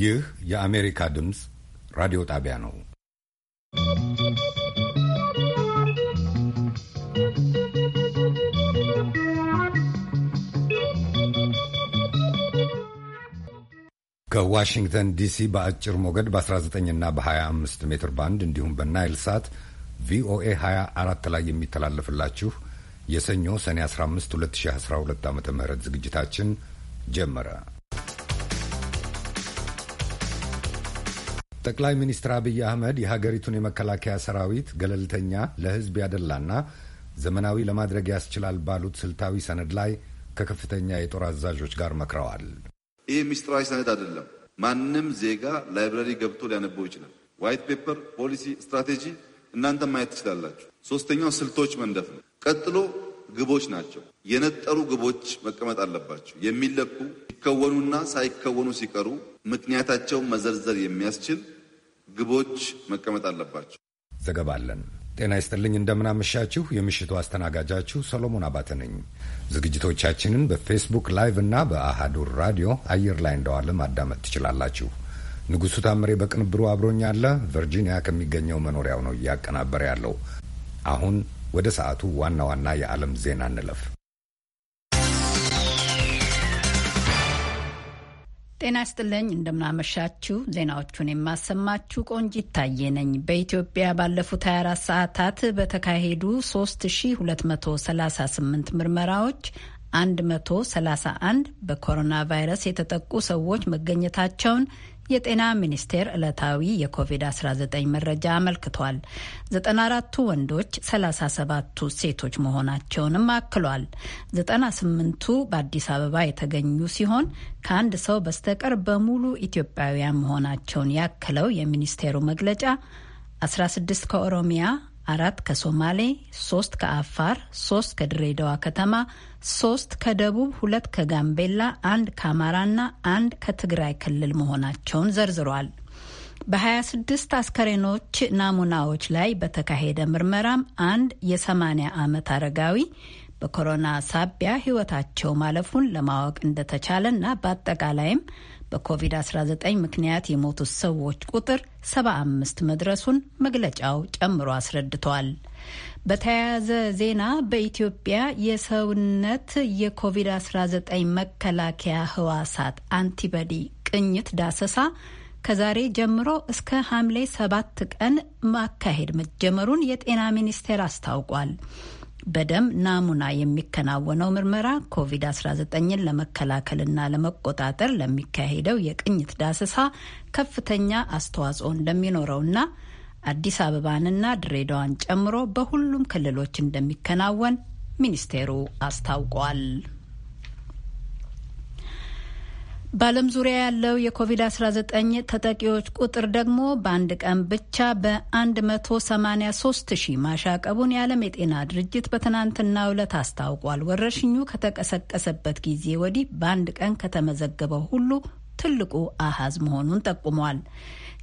ይህ የአሜሪካ ድምፅ ራዲዮ ጣቢያ ነው። ከዋሽንግተን ዲሲ በአጭር ሞገድ በ19 እና በ25 ሜትር ባንድ እንዲሁም በናይል ሳት ቪኦኤ 24 ላይ የሚተላለፍላችሁ የሰኞ ሰኔ 15 2012 ዓ ም ዝግጅታችን ጀመረ። ጠቅላይ ሚኒስትር አብይ አህመድ የሀገሪቱን የመከላከያ ሰራዊት ገለልተኛ፣ ለህዝብ ያደላና ዘመናዊ ለማድረግ ያስችላል ባሉት ስልታዊ ሰነድ ላይ ከከፍተኛ የጦር አዛዦች ጋር መክረዋል። ይህ ምስጢራዊ ሰነድ አይደለም። ማንም ዜጋ ላይብራሪ ገብቶ ሊያነበው ይችላል። ዋይት ፔፐር፣ ፖሊሲ፣ ስትራቴጂ እናንተ ማየት ትችላላችሁ። ሶስተኛው ስልቶች መንደፍ ነው። ቀጥሎ ግቦች ናቸው። የነጠሩ ግቦች መቀመጥ አለባቸው። የሚለኩ ሲከወኑና ሳይከወኑ ሲቀሩ ምክንያታቸው መዘርዘር የሚያስችል ግቦች መቀመጥ አለባቸው። ዘገባለን። ጤና ይስጥልኝ፣ እንደምናመሻችሁ። የምሽቱ አስተናጋጃችሁ ሰሎሞን አባተ ነኝ። ዝግጅቶቻችንን በፌስቡክ ላይቭ እና በአሃዱ ራዲዮ አየር ላይ እንደዋለ ማዳመጥ ትችላላችሁ። ንጉሱ ታምሬ በቅንብሩ አብሮኛለ። ቨርጂኒያ ከሚገኘው መኖሪያው ነው እያቀናበረ ያለው አሁን ወደ ሰዓቱ ዋና ዋና የዓለም ዜና እንለፍ። ጤና ይስጥልኝ። እንደምናመሻችሁ። ዜናዎቹን የማሰማችሁ ቆንጂ ይታየ ነኝ። በኢትዮጵያ ባለፉት 24 ሰዓታት በተካሄዱ 3238 ምርመራዎች 131 በኮሮና ቫይረስ የተጠቁ ሰዎች መገኘታቸውን የጤና ሚኒስቴር ዕለታዊ የኮቪድ-19 መረጃ አመልክቷል። 94ቱ ወንዶች፣ 37ቱ ሴቶች መሆናቸውንም አክሏል። 98ቱ በአዲስ አበባ የተገኙ ሲሆን ከአንድ ሰው በስተቀር በሙሉ ኢትዮጵያውያን መሆናቸውን ያክለው የሚኒስቴሩ መግለጫ 16 ከኦሮሚያ አራት ከሶማሌ፣ ሶስት ከአፋር፣ ሶስት ከድሬዳዋ ከተማ፣ ሶስት ከደቡብ፣ ሁለት ከጋምቤላ፣ አንድ ከአማራና አንድ ከትግራይ ክልል መሆናቸውን ዘርዝሯል። በ26 አስከሬኖች ናሙናዎች ላይ በተካሄደ ምርመራም አንድ የ80 ዓመት አረጋዊ በኮሮና ሳቢያ ሕይወታቸው ማለፉን ለማወቅ እንደተቻለና በአጠቃላይም በኮቪድ-19 ምክንያት የሞቱት ሰዎች ቁጥር 75 መድረሱን መግለጫው ጨምሮ አስረድቷል። በተያያዘ ዜና በኢትዮጵያ የሰውነት የኮቪድ-19 መከላከያ ህዋሳት አንቲበዲ ቅኝት ዳሰሳ ከዛሬ ጀምሮ እስከ ሐምሌ ሰባት ቀን ማካሄድ መጀመሩን የጤና ሚኒስቴር አስታውቋል። በደም ናሙና የሚከናወነው ምርመራ ኮቪድ-19ን ለመከላከልና ለመቆጣጠር ለሚካሄደው የቅኝት ዳሰሳ ከፍተኛ አስተዋጽኦ እንደሚኖረውና አዲስ አበባንና ድሬዳዋን ጨምሮ በሁሉም ክልሎች እንደሚከናወን ሚኒስቴሩ አስታውቋል። በዓለም ዙሪያ ያለው የኮቪድ-19 ተጠቂዎች ቁጥር ደግሞ በአንድ ቀን ብቻ በ183 ሺህ ማሻቀቡን የዓለም የጤና ድርጅት በትናንትናው ዕለት አስታውቋል። ወረርሽኙ ከተቀሰቀሰበት ጊዜ ወዲህ በአንድ ቀን ከተመዘገበው ሁሉ ትልቁ አሃዝ መሆኑን ጠቁሟል።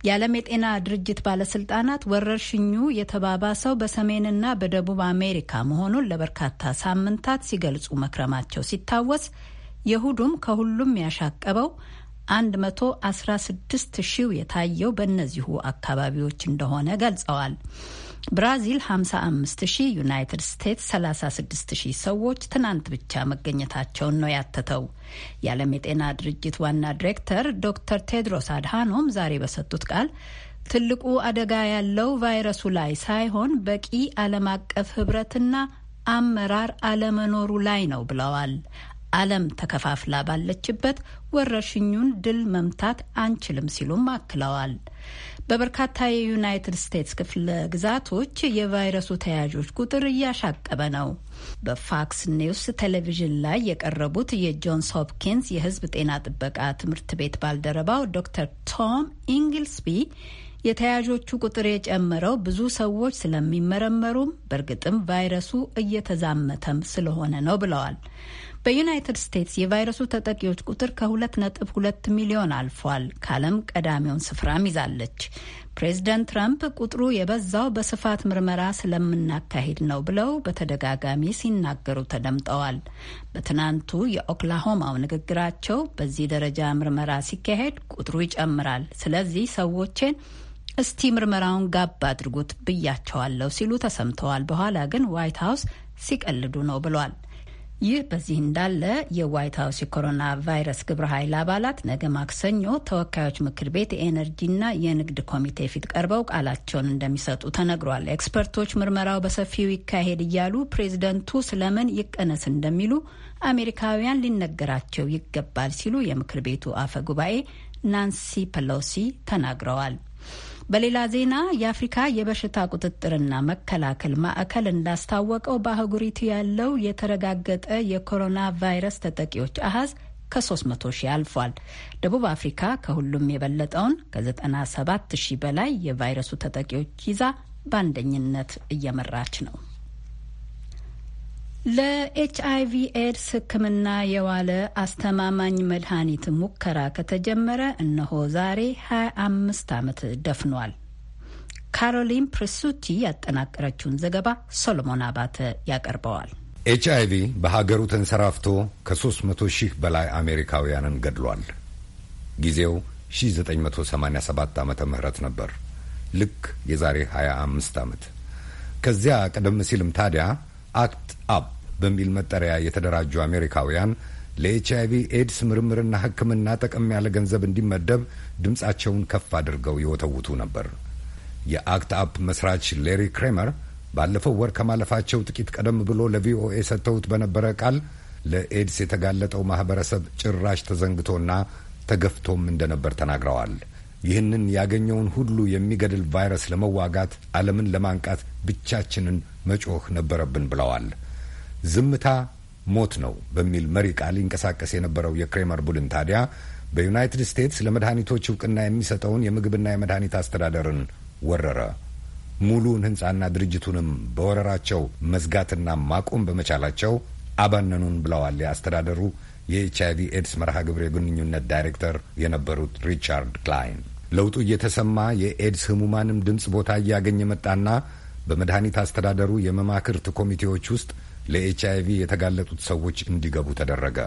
የዓለም የጤና ድርጅት ባለስልጣናት ወረርሽኙ የተባባሰው በሰሜንና በደቡብ አሜሪካ መሆኑን ለበርካታ ሳምንታት ሲገልጹ መክረማቸው ሲታወስ የሁዱም ከሁሉም ያሻቀበው 116 ሺው የታየው በእነዚሁ አካባቢዎች እንደሆነ ገልጸዋል። ብራዚል 55 ሺህ፣ ዩናይትድ ስቴትስ 36 ሺህ ሰዎች ትናንት ብቻ መገኘታቸውን ነው ያተተው። የዓለም የጤና ድርጅት ዋና ዲሬክተር ዶክተር ቴድሮስ አድሃኖም ዛሬ በሰጡት ቃል ትልቁ አደጋ ያለው ቫይረሱ ላይ ሳይሆን በቂ ዓለም አቀፍ ህብረትና አመራር አለመኖሩ ላይ ነው ብለዋል። ዓለም ተከፋፍላ ባለችበት ወረርሽኙን ድል መምታት አንችልም ሲሉም አክለዋል። በበርካታ የዩናይትድ ስቴትስ ክፍለ ግዛቶች የቫይረሱ ተያዦች ቁጥር እያሻቀበ ነው። በፋክስ ኒውስ ቴሌቪዥን ላይ የቀረቡት የጆንስ ሆፕኪንስ የሕዝብ ጤና ጥበቃ ትምህርት ቤት ባልደረባው ዶክተር ቶም ኢንግልስቢ የተያዦቹ ቁጥር የጨመረው ብዙ ሰዎች ስለሚመረመሩም በእርግጥም ቫይረሱ እየተዛመተም ስለሆነ ነው ብለዋል። በዩናይትድ ስቴትስ የቫይረሱ ተጠቂዎች ቁጥር ከ2.2 ሚሊዮን አልፏል። ከዓለም ቀዳሚውን ስፍራም ይዛለች። ፕሬዚደንት ትራምፕ ቁጥሩ የበዛው በስፋት ምርመራ ስለምናካሄድ ነው ብለው በተደጋጋሚ ሲናገሩ ተደምጠዋል። በትናንቱ የኦክላሆማው ንግግራቸው በዚህ ደረጃ ምርመራ ሲካሄድ ቁጥሩ ይጨምራል፣ ስለዚህ ሰዎችን እስቲ ምርመራውን ጋብ አድርጉት ብያቸዋለሁ ሲሉ ተሰምተዋል። በኋላ ግን ዋይት ሀውስ ሲቀልዱ ነው ብሏል። ይህ በዚህ እንዳለ የዋይት ሀውስ የኮሮና ቫይረስ ግብረ ኃይል አባላት ነገ ማክሰኞ ተወካዮች ምክር ቤት የኤነርጂና የንግድ ኮሚቴ ፊት ቀርበው ቃላቸውን እንደሚሰጡ ተነግሯል። ኤክስፐርቶች ምርመራው በሰፊው ይካሄድ እያሉ ፕሬዝደንቱ ስለምን ይቀነስ እንደሚሉ አሜሪካውያን ሊነገራቸው ይገባል ሲሉ የምክር ቤቱ አፈ ጉባኤ ናንሲ ፐሎሲ ተናግረዋል። በሌላ ዜና የአፍሪካ የበሽታ ቁጥጥርና መከላከል ማዕከል እንዳስታወቀው በአህጉሪቱ ያለው የተረጋገጠ የኮሮና ቫይረስ ተጠቂዎች አሀዝ ከ300 ሺህ አልፏል። ደቡብ አፍሪካ ከሁሉም የበለጠውን ከ97 ሺህ በላይ የቫይረሱ ተጠቂዎች ይዛ በአንደኝነት እየመራች ነው። ለኤች ቪ ኤድስ ሕክምና የዋለ አስተማማኝ መድኃኒት ሙከራ ከተጀመረ እነሆ ዛሬ 25 ዓመት ደፍኗል። ካሮሊን ፕሪሱቲ ያጠናቀረችውን ዘገባ ሶሎሞን አባተ ያቀርበዋል። ኤች ቪ በሀገሩ ተንሰራፍቶ ከ300 ሺህ በላይ አሜሪካውያንን ገድሏል። ጊዜው 1987 ዓ ምህረት ነበር፣ ልክ የዛሬ 25 ዓመት። ከዚያ ቀደም ሲልም ታዲያ አክት አፕ በሚል መጠሪያ የተደራጁ አሜሪካውያን ለኤች አይቪ ኤድስ ምርምርና ሕክምና ጠቀም ያለ ገንዘብ እንዲመደብ ድምፃቸውን ከፍ አድርገው ይወተውቱ ነበር። የአክት አፕ መስራች ሌሪ ክሬመር ባለፈው ወር ከማለፋቸው ጥቂት ቀደም ብሎ ለቪኦኤ ሰጥተውት በነበረ ቃል ለኤድስ የተጋለጠው ማህበረሰብ ጭራሽ ተዘንግቶና ተገፍቶም እንደነበር ተናግረዋል። ይህንን ያገኘውን ሁሉ የሚገድል ቫይረስ ለመዋጋት ዓለምን ለማንቃት ብቻችንን መጮህ ነበረብን ብለዋል። ዝምታ ሞት ነው በሚል መሪ ቃል ይንቀሳቀስ የነበረው የክሬመር ቡድን ታዲያ በዩናይትድ ስቴትስ ለመድኃኒቶች እውቅና የሚሰጠውን የምግብና የመድኃኒት አስተዳደርን ወረረ። ሙሉውን ህንፃና ድርጅቱንም በወረራቸው መዝጋትና ማቆም በመቻላቸው አባነኑን ብለዋል የአስተዳደሩ የኤች አይቪ ኤድስ መርሃ ግብር የግንኙነት ዳይሬክተር የነበሩት ሪቻርድ ክላይን። ለውጡ እየተሰማ የኤድስ ህሙማንም ድምፅ ቦታ እያገኘ መጣና በመድኃኒት አስተዳደሩ የመማክርት ኮሚቴዎች ውስጥ ለኤች አይቪ የተጋለጡት ሰዎች እንዲገቡ ተደረገ።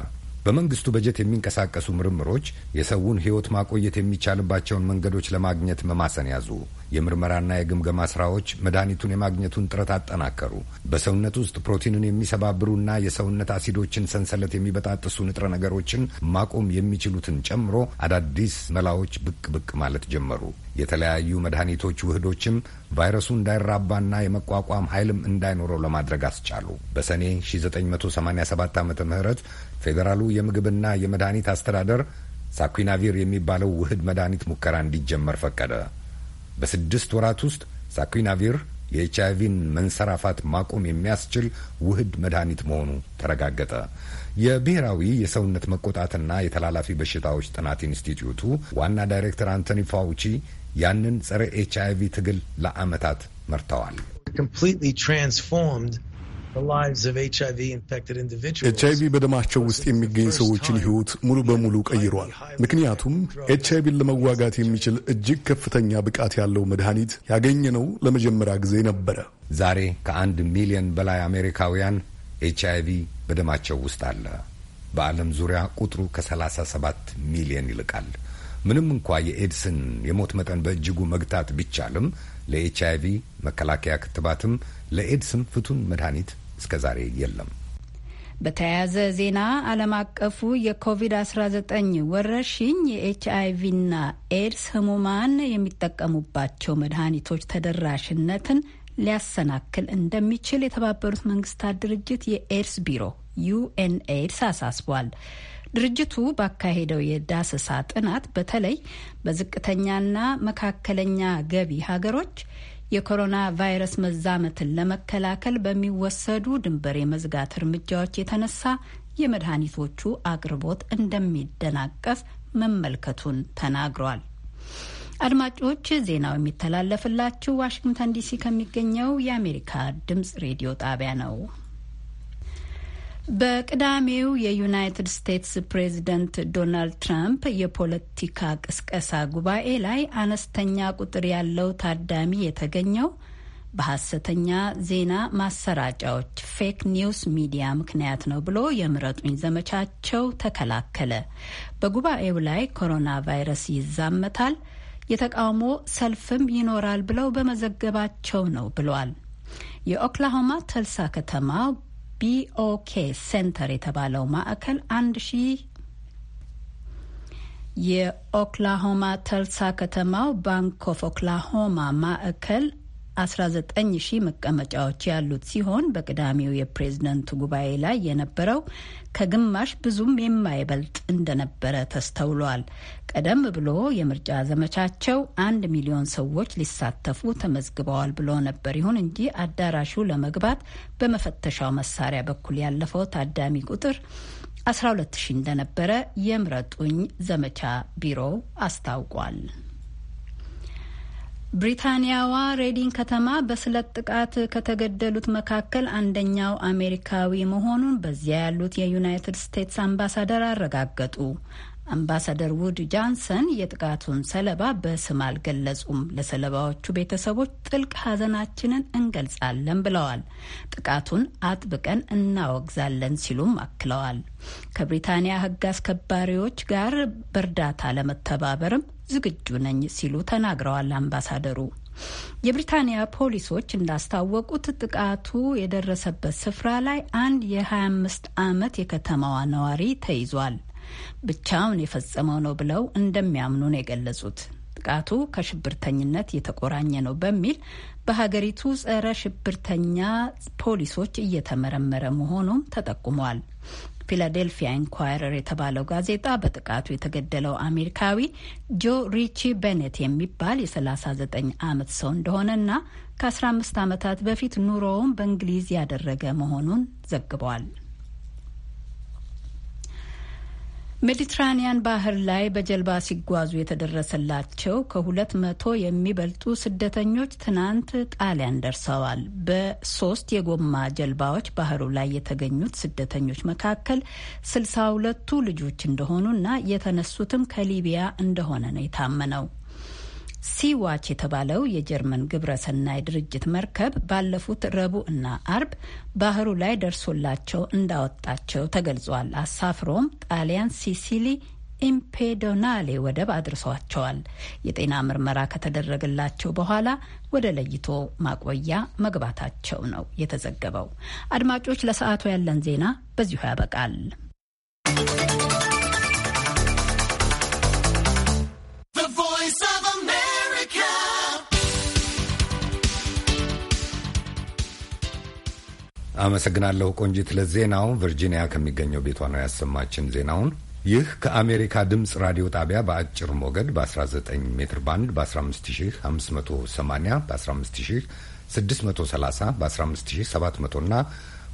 በመንግስቱ በጀት የሚንቀሳቀሱ ምርምሮች የሰውን ሕይወት ማቆየት የሚቻልባቸውን መንገዶች ለማግኘት መማሰን ያዙ። የምርመራና የግምገማ ስራዎች መድኃኒቱን የማግኘቱን ጥረት አጠናከሩ። በሰውነት ውስጥ ፕሮቲንን የሚሰባብሩና የሰውነት አሲዶችን ሰንሰለት የሚበጣጥሱ ንጥረ ነገሮችን ማቆም የሚችሉትን ጨምሮ አዳዲስ መላዎች ብቅ ብቅ ማለት ጀመሩ። የተለያዩ መድኃኒቶች ውህዶችም ቫይረሱ እንዳይራባና የመቋቋም ኃይልም እንዳይኖረው ለማድረግ አስቻሉ። በሰኔ 1987 ዓ ም ፌዴራሉ የምግብና የመድኃኒት አስተዳደር ሳኩናቪር የሚባለው ውህድ መድኃኒት ሙከራ እንዲጀመር ፈቀደ። በስድስት ወራት ውስጥ ሳኩናቪር የኤች አይቪን መንሰራፋት ማቆም የሚያስችል ውህድ መድኃኒት መሆኑ ተረጋገጠ። የብሔራዊ የሰውነት መቆጣትና የተላላፊ በሽታዎች ጥናት ኢንስቲትዩቱ ዋና ዳይሬክተር አንቶኒ ፋውቺ ያንን ጸረ ኤች አይቪ ትግል ለዓመታት መርተዋል። completely transformed ኤች አይቪ በደማቸው ውስጥ የሚገኝ ሰዎችን ሕይወት ሙሉ በሙሉ ቀይሯል። ምክንያቱም ኤች አይቪን ለመዋጋት የሚችል እጅግ ከፍተኛ ብቃት ያለው መድኃኒት ያገኘነው ለመጀመሪያ ጊዜ ነበረ። ዛሬ ከአንድ ሚሊዮን በላይ አሜሪካውያን ኤች አይቪ በደማቸው ውስጥ አለ። በዓለም ዙሪያ ቁጥሩ ከ37 ሚሊዮን ይልቃል። ምንም እንኳ የኤድስን የሞት መጠን በእጅጉ መግታት ቢቻልም ለኤች አይቪ መከላከያ ክትባትም ለኤድስም ፍቱን መድኃኒት እስከ ዛሬ የለም። በተያያዘ ዜና ዓለም አቀፉ የኮቪድ-19 ወረርሽኝ የኤች ቪና ኤድስ ህሙማን የሚጠቀሙባቸው መድኃኒቶች ተደራሽነትን ሊያሰናክል እንደሚችል የተባበሩት መንግስታት ድርጅት የኤድስ ቢሮ ዩኤን ኤድስ አሳስቧል። ድርጅቱ ባካሄደው የዳሰሳ ጥናት በተለይ በዝቅተኛና መካከለኛ ገቢ ሀገሮች የኮሮና ቫይረስ መዛመትን ለመከላከል በሚወሰዱ ድንበር የመዝጋት እርምጃዎች የተነሳ የመድኃኒቶቹ አቅርቦት እንደሚደናቀፍ መመልከቱን ተናግሯል። አድማጮች ዜናው የሚተላለፍላችሁ ዋሽንግተን ዲሲ ከሚገኘው የአሜሪካ ድምጽ ሬዲዮ ጣቢያ ነው። በቅዳሜው የዩናይትድ ስቴትስ ፕሬዝደንት ዶናልድ ትራምፕ የፖለቲካ ቅስቀሳ ጉባኤ ላይ አነስተኛ ቁጥር ያለው ታዳሚ የተገኘው በሐሰተኛ ዜና ማሰራጫዎች ፌክ ኒውስ ሚዲያ ምክንያት ነው ብሎ የምረጡኝ ዘመቻቸው ተከላከለ። በጉባኤው ላይ ኮሮና ቫይረስ ይዛመታል፣ የተቃውሞ ሰልፍም ይኖራል ብለው በመዘገባቸው ነው ብሏል። የኦክላሆማ ተልሳ ከተማ ቢኦኬ ሴንተር የተባለው ማዕከል አንድ ሺ የኦክላሆማ ተልሳ ከተማው ባንክ ኦፍ ኦክላሆማ ማዕከል 19 ሺህ መቀመጫዎች ያሉት ሲሆን በቅዳሜው የፕሬዝደንቱ ጉባኤ ላይ የነበረው ከግማሽ ብዙም የማይበልጥ እንደነበረ ተስተውሏል። ቀደም ብሎ የምርጫ ዘመቻቸው አንድ ሚሊዮን ሰዎች ሊሳተፉ ተመዝግበዋል ብሎ ነበር። ይሁን እንጂ አዳራሹ ለመግባት በመፈተሻው መሳሪያ በኩል ያለፈው ታዳሚ ቁጥር 12 ሺህ እንደነበረ የምረጡኝ ዘመቻ ቢሮው አስታውቋል። ብሪታንያዋ ሬዲንግ ከተማ በስለት ጥቃት ከተገደሉት መካከል አንደኛው አሜሪካዊ መሆኑን በዚያ ያሉት የዩናይትድ ስቴትስ አምባሳደር አረጋገጡ። አምባሳደር ውድ ጃንሰን የጥቃቱን ሰለባ በስም አልገለጹም። ለሰለባዎቹ ቤተሰቦች ጥልቅ ሐዘናችንን እንገልጻለን ብለዋል። ጥቃቱን አጥብቀን እናወግዛለን ሲሉም አክለዋል። ከብሪታንያ ሕግ አስከባሪዎች ጋር በእርዳታ ለመተባበርም ዝግጁ ነኝ ሲሉ ተናግረዋል አምባሳደሩ። የብሪታንያ ፖሊሶች እንዳስታወቁት ጥቃቱ የደረሰበት ስፍራ ላይ አንድ የ25 ዓመት የከተማዋ ነዋሪ ተይዟል። ብቻውን የፈጸመው ነው ብለው እንደሚያምኑ ነው የገለጹት። ጥቃቱ ከሽብርተኝነት የተቆራኘ ነው በሚል በሀገሪቱ ጸረ ሽብርተኛ ፖሊሶች እየተመረመረ መሆኑም ተጠቁሟል። ፊላዴልፊያ ኢንኳይረር የተባለው ጋዜጣ በጥቃቱ የተገደለው አሜሪካዊ ጆ ሪቺ ቤኔት የሚባል የ39 ዓመት ሰው እንደሆነና ከ15 ዓመታት በፊት ኑሮውን በእንግሊዝ ያደረገ መሆኑን ዘግቧል። ሜዲትራኒያን ባህር ላይ በጀልባ ሲጓዙ የተደረሰላቸው ከሁለት መቶ የሚበልጡ ስደተኞች ትናንት ጣሊያን ደርሰዋል። በሶስት የጎማ ጀልባዎች ባህሩ ላይ የተገኙት ስደተኞች መካከል ስልሳ ሁለቱ ልጆች እንደሆኑና የተነሱትም ከሊቢያ እንደሆነ ነው የታመነው። ሲዋች የተባለው የጀርመን ግብረሰናይ ድርጅት መርከብ ባለፉት ረቡዕ እና አርብ ባህሩ ላይ ደርሶላቸው እንዳወጣቸው ተገልጿል። አሳፍሮም ጣሊያን ሲሲሊ ኢምፔዶናሌ ወደብ አድርሷቸዋል። የጤና ምርመራ ከተደረገላቸው በኋላ ወደ ለይቶ ማቆያ መግባታቸው ነው የተዘገበው። አድማጮች፣ ለሰዓቱ ያለን ዜና በዚሁ ያበቃል። አመሰግናለሁ ቆንጂት ለዜናው። ቨርጂኒያ ከሚገኘው ቤቷ ነው ያሰማችን ዜናውን። ይህ ከአሜሪካ ድምፅ ራዲዮ ጣቢያ በአጭር ሞገድ በ19 ሜትር ባንድ በ15580 በ15630 በ15700 እና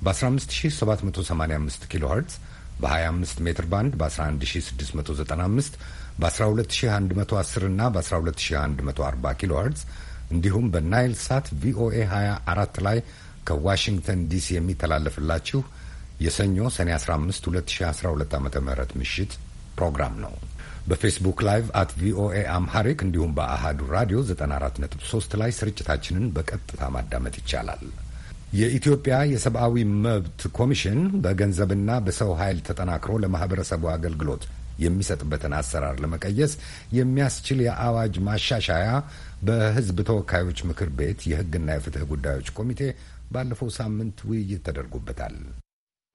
በ15785 ኪሎ ሄርትዝ በ25 ሜትር ባንድ በ11695 በ12110 እና በ12140 ኪሎ ሄርትዝ እንዲሁም በናይል ሳት ቪኦኤ 24 ላይ ከዋሽንግተን ዲሲ የሚተላለፍላችሁ የሰኞ ሰኔ 15 2012 ዓ ም ምሽት ፕሮግራም ነው። በፌስቡክ ላይቭ አት ቪኦኤ አምሃሪክ እንዲሁም በአሃዱ ራዲዮ 94.3 ላይ ስርጭታችንን በቀጥታ ማዳመጥ ይቻላል። የኢትዮጵያ የሰብአዊ መብት ኮሚሽን በገንዘብና በሰው ኃይል ተጠናክሮ ለማህበረሰቡ አገልግሎት የሚሰጥበትን አሰራር ለመቀየስ የሚያስችል የአዋጅ ማሻሻያ በሕዝብ ተወካዮች ምክር ቤት የሕግና የፍትህ ጉዳዮች ኮሚቴ ባለፈው ሳምንት ውይይት ተደርጎበታል።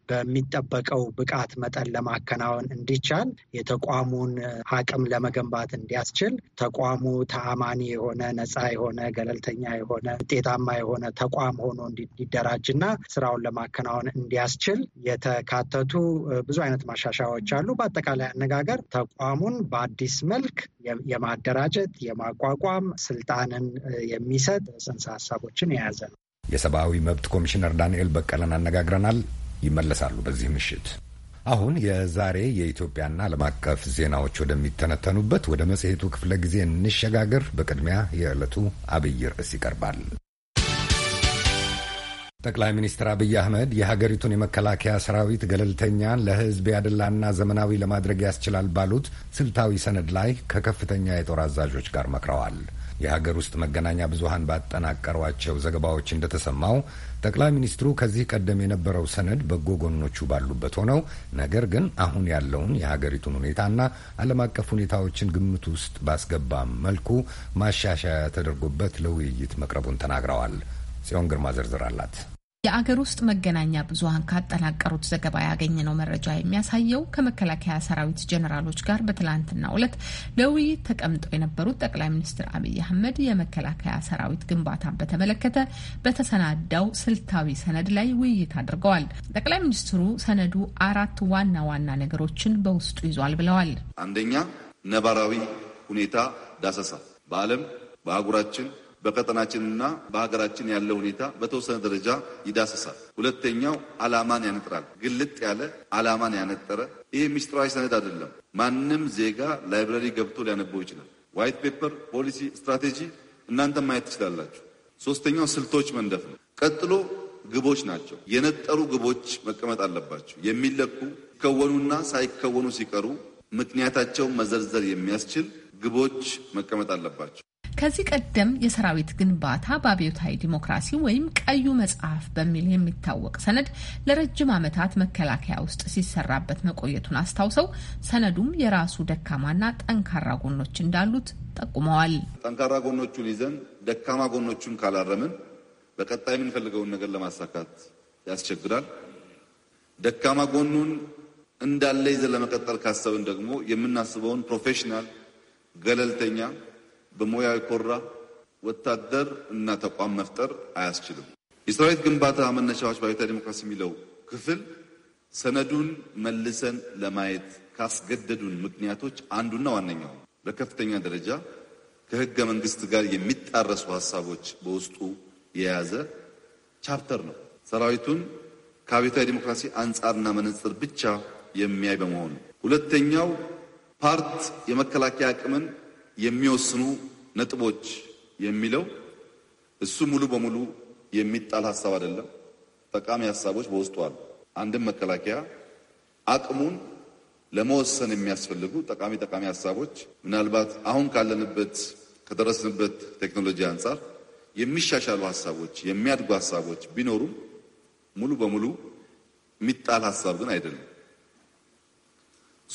በሚጠበቀው ብቃት መጠን ለማከናወን እንዲቻል የተቋሙን አቅም ለመገንባት እንዲያስችል ተቋሙ ተአማኒ የሆነ ነፃ የሆነ ገለልተኛ የሆነ ውጤታማ የሆነ ተቋም ሆኖ እንዲደራጅና ስራውን ለማከናወን እንዲያስችል የተካተቱ ብዙ አይነት ማሻሻያዎች አሉ። በአጠቃላይ አነጋገር ተቋሙን በአዲስ መልክ የማደራጀት የማቋቋም ስልጣንን የሚሰጥ ጽንሰ ሀሳቦችን የያዘ ነው። የሰብአዊ መብት ኮሚሽነር ዳንኤል በቀለን አነጋግረናል። ይመለሳሉ በዚህ ምሽት። አሁን የዛሬ የኢትዮጵያና ዓለም አቀፍ ዜናዎች ወደሚተነተኑበት ወደ መጽሔቱ ክፍለ ጊዜ እንሸጋገር። በቅድሚያ የዕለቱ አብይ ርዕስ ይቀርባል። ጠቅላይ ሚኒስትር አብይ አህመድ የሀገሪቱን የመከላከያ ሰራዊት ገለልተኛ፣ ለሕዝብ ያደላና ዘመናዊ ለማድረግ ያስችላል ባሉት ስልታዊ ሰነድ ላይ ከከፍተኛ የጦር አዛዦች ጋር መክረዋል። የሀገር ውስጥ መገናኛ ብዙሀን ባጠናቀሯቸው ዘገባዎች እንደተሰማው ጠቅላይ ሚኒስትሩ ከዚህ ቀደም የነበረው ሰነድ በጎ ጎኖቹ ባሉበት ሆነው ነገር ግን አሁን ያለውን የሀገሪቱን ሁኔታና ዓለም አቀፍ ሁኔታዎችን ግምት ውስጥ ባስገባ መልኩ ማሻሻያ ተደርጎበት ለውይይት መቅረቡን ተናግረዋል። ጽዮን ግርማ ዝርዝር አላት። የአገር ውስጥ መገናኛ ብዙኃን ካጠናቀሩት ዘገባ ያገኘነው መረጃ የሚያሳየው ከመከላከያ ሰራዊት ጀኔራሎች ጋር በትላንትናው ዕለት ለውይይት ተቀምጠው የነበሩት ጠቅላይ ሚኒስትር አብይ አህመድ የመከላከያ ሰራዊት ግንባታን በተመለከተ በተሰናዳው ስልታዊ ሰነድ ላይ ውይይት አድርገዋል። ጠቅላይ ሚኒስትሩ ሰነዱ አራት ዋና ዋና ነገሮችን በውስጡ ይዟል ብለዋል። አንደኛ ነባራዊ ሁኔታ ዳሰሳ በዓለም በአህጉራችን በቀጠናችንና በሀገራችን ያለው ሁኔታ በተወሰነ ደረጃ ይዳሰሳል። ሁለተኛው ዓላማን ያነጥራል። ግልጥ ያለ ዓላማን ያነጠረ ይህ ሚስጥራዊ ሰነድ አይደለም። ማንም ዜጋ ላይብረሪ ገብቶ ሊያነበው ይችላል። ዋይት ፔፐር፣ ፖሊሲ፣ ስትራቴጂ እናንተ ማየት ትችላላችሁ። ሶስተኛው ስልቶች መንደፍ ነው። ቀጥሎ ግቦች ናቸው። የነጠሩ ግቦች መቀመጥ አለባቸው። የሚለኩ ሲከወኑና ሳይከወኑ ሲቀሩ ምክንያታቸውን መዘርዘር የሚያስችል ግቦች መቀመጥ አለባቸው። ከዚህ ቀደም የሰራዊት ግንባታ በአብዮታዊ ዲሞክራሲ ወይም ቀዩ መጽሐፍ በሚል የሚታወቅ ሰነድ ለረጅም ዓመታት መከላከያ ውስጥ ሲሰራበት መቆየቱን አስታውሰው ሰነዱም የራሱ ደካማና ጠንካራ ጎኖች እንዳሉት ጠቁመዋል። ጠንካራ ጎኖቹን ይዘን ደካማ ጎኖቹን ካላረምን በቀጣይ የምንፈልገውን ነገር ለማሳካት ያስቸግራል። ደካማ ጎኑን እንዳለ ይዘን ለመቀጠል ካሰብን ደግሞ የምናስበውን ፕሮፌሽናል ገለልተኛ በሙያ የኮራ ወታደር እና ተቋም መፍጠር አያስችልም። የሰራዊት ግንባታ መነሻዎች በአብዮታዊ ዲሞክራሲ የሚለው ክፍል ሰነዱን መልሰን ለማየት ካስገደዱን ምክንያቶች አንዱና ዋነኛው በከፍተኛ ደረጃ ከህገ መንግስት ጋር የሚጣረሱ ሀሳቦች በውስጡ የያዘ ቻፕተር ነው። ሰራዊቱን ከአብዮታዊ ዲሞክራሲ አንጻርና መነጽር ብቻ የሚያይ በመሆኑ፣ ሁለተኛው ፓርት የመከላከያ አቅምን የሚወስኑ ነጥቦች የሚለው እሱ ሙሉ በሙሉ የሚጣል ሀሳብ አይደለም። ጠቃሚ ሀሳቦች በውስጡ አሉ። አንድም መከላከያ አቅሙን ለመወሰን የሚያስፈልጉ ጠቃሚ ጠቃሚ ሀሳቦች ምናልባት አሁን ካለንበት ከደረስንበት ቴክኖሎጂ አንጻር የሚሻሻሉ ሀሳቦች የሚያድጉ ሀሳቦች ቢኖሩም ሙሉ በሙሉ የሚጣል ሀሳብ ግን አይደለም።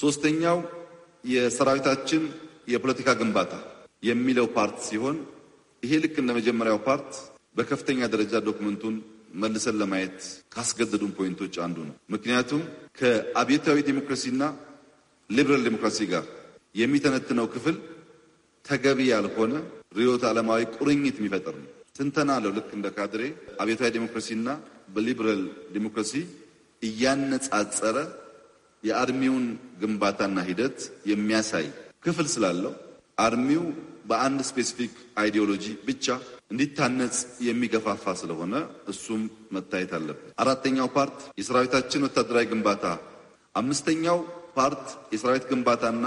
ሶስተኛው የሰራዊታችን የፖለቲካ ግንባታ የሚለው ፓርት ሲሆን ይሄ ልክ እንደ መጀመሪያው ፓርት በከፍተኛ ደረጃ ዶክመንቱን መልሰን ለማየት ካስገደዱን ፖይንቶች አንዱ ነው። ምክንያቱም ከአብዮታዊ ዴሞክራሲና ሊበራል ዴሞክራሲ ጋር የሚተነትነው ክፍል ተገቢ ያልሆነ ርዕዮተ ዓለማዊ ቁርኝት የሚፈጠር ነው። ትንተና አለው። ልክ እንደ ካድሬ አብዮታዊ ዴሞክራሲና በሊበራል ዴሞክራሲ እያነጻጸረ የአርሚውን ግንባታና ሂደት የሚያሳይ ክፍል ስላለው አርሚው በአንድ ስፔሲፊክ አይዲዮሎጂ ብቻ እንዲታነጽ የሚገፋፋ ስለሆነ እሱም መታየት አለበት። አራተኛው ፓርት የሰራዊታችን ወታደራዊ ግንባታ፣ አምስተኛው ፓርት የሰራዊት ግንባታና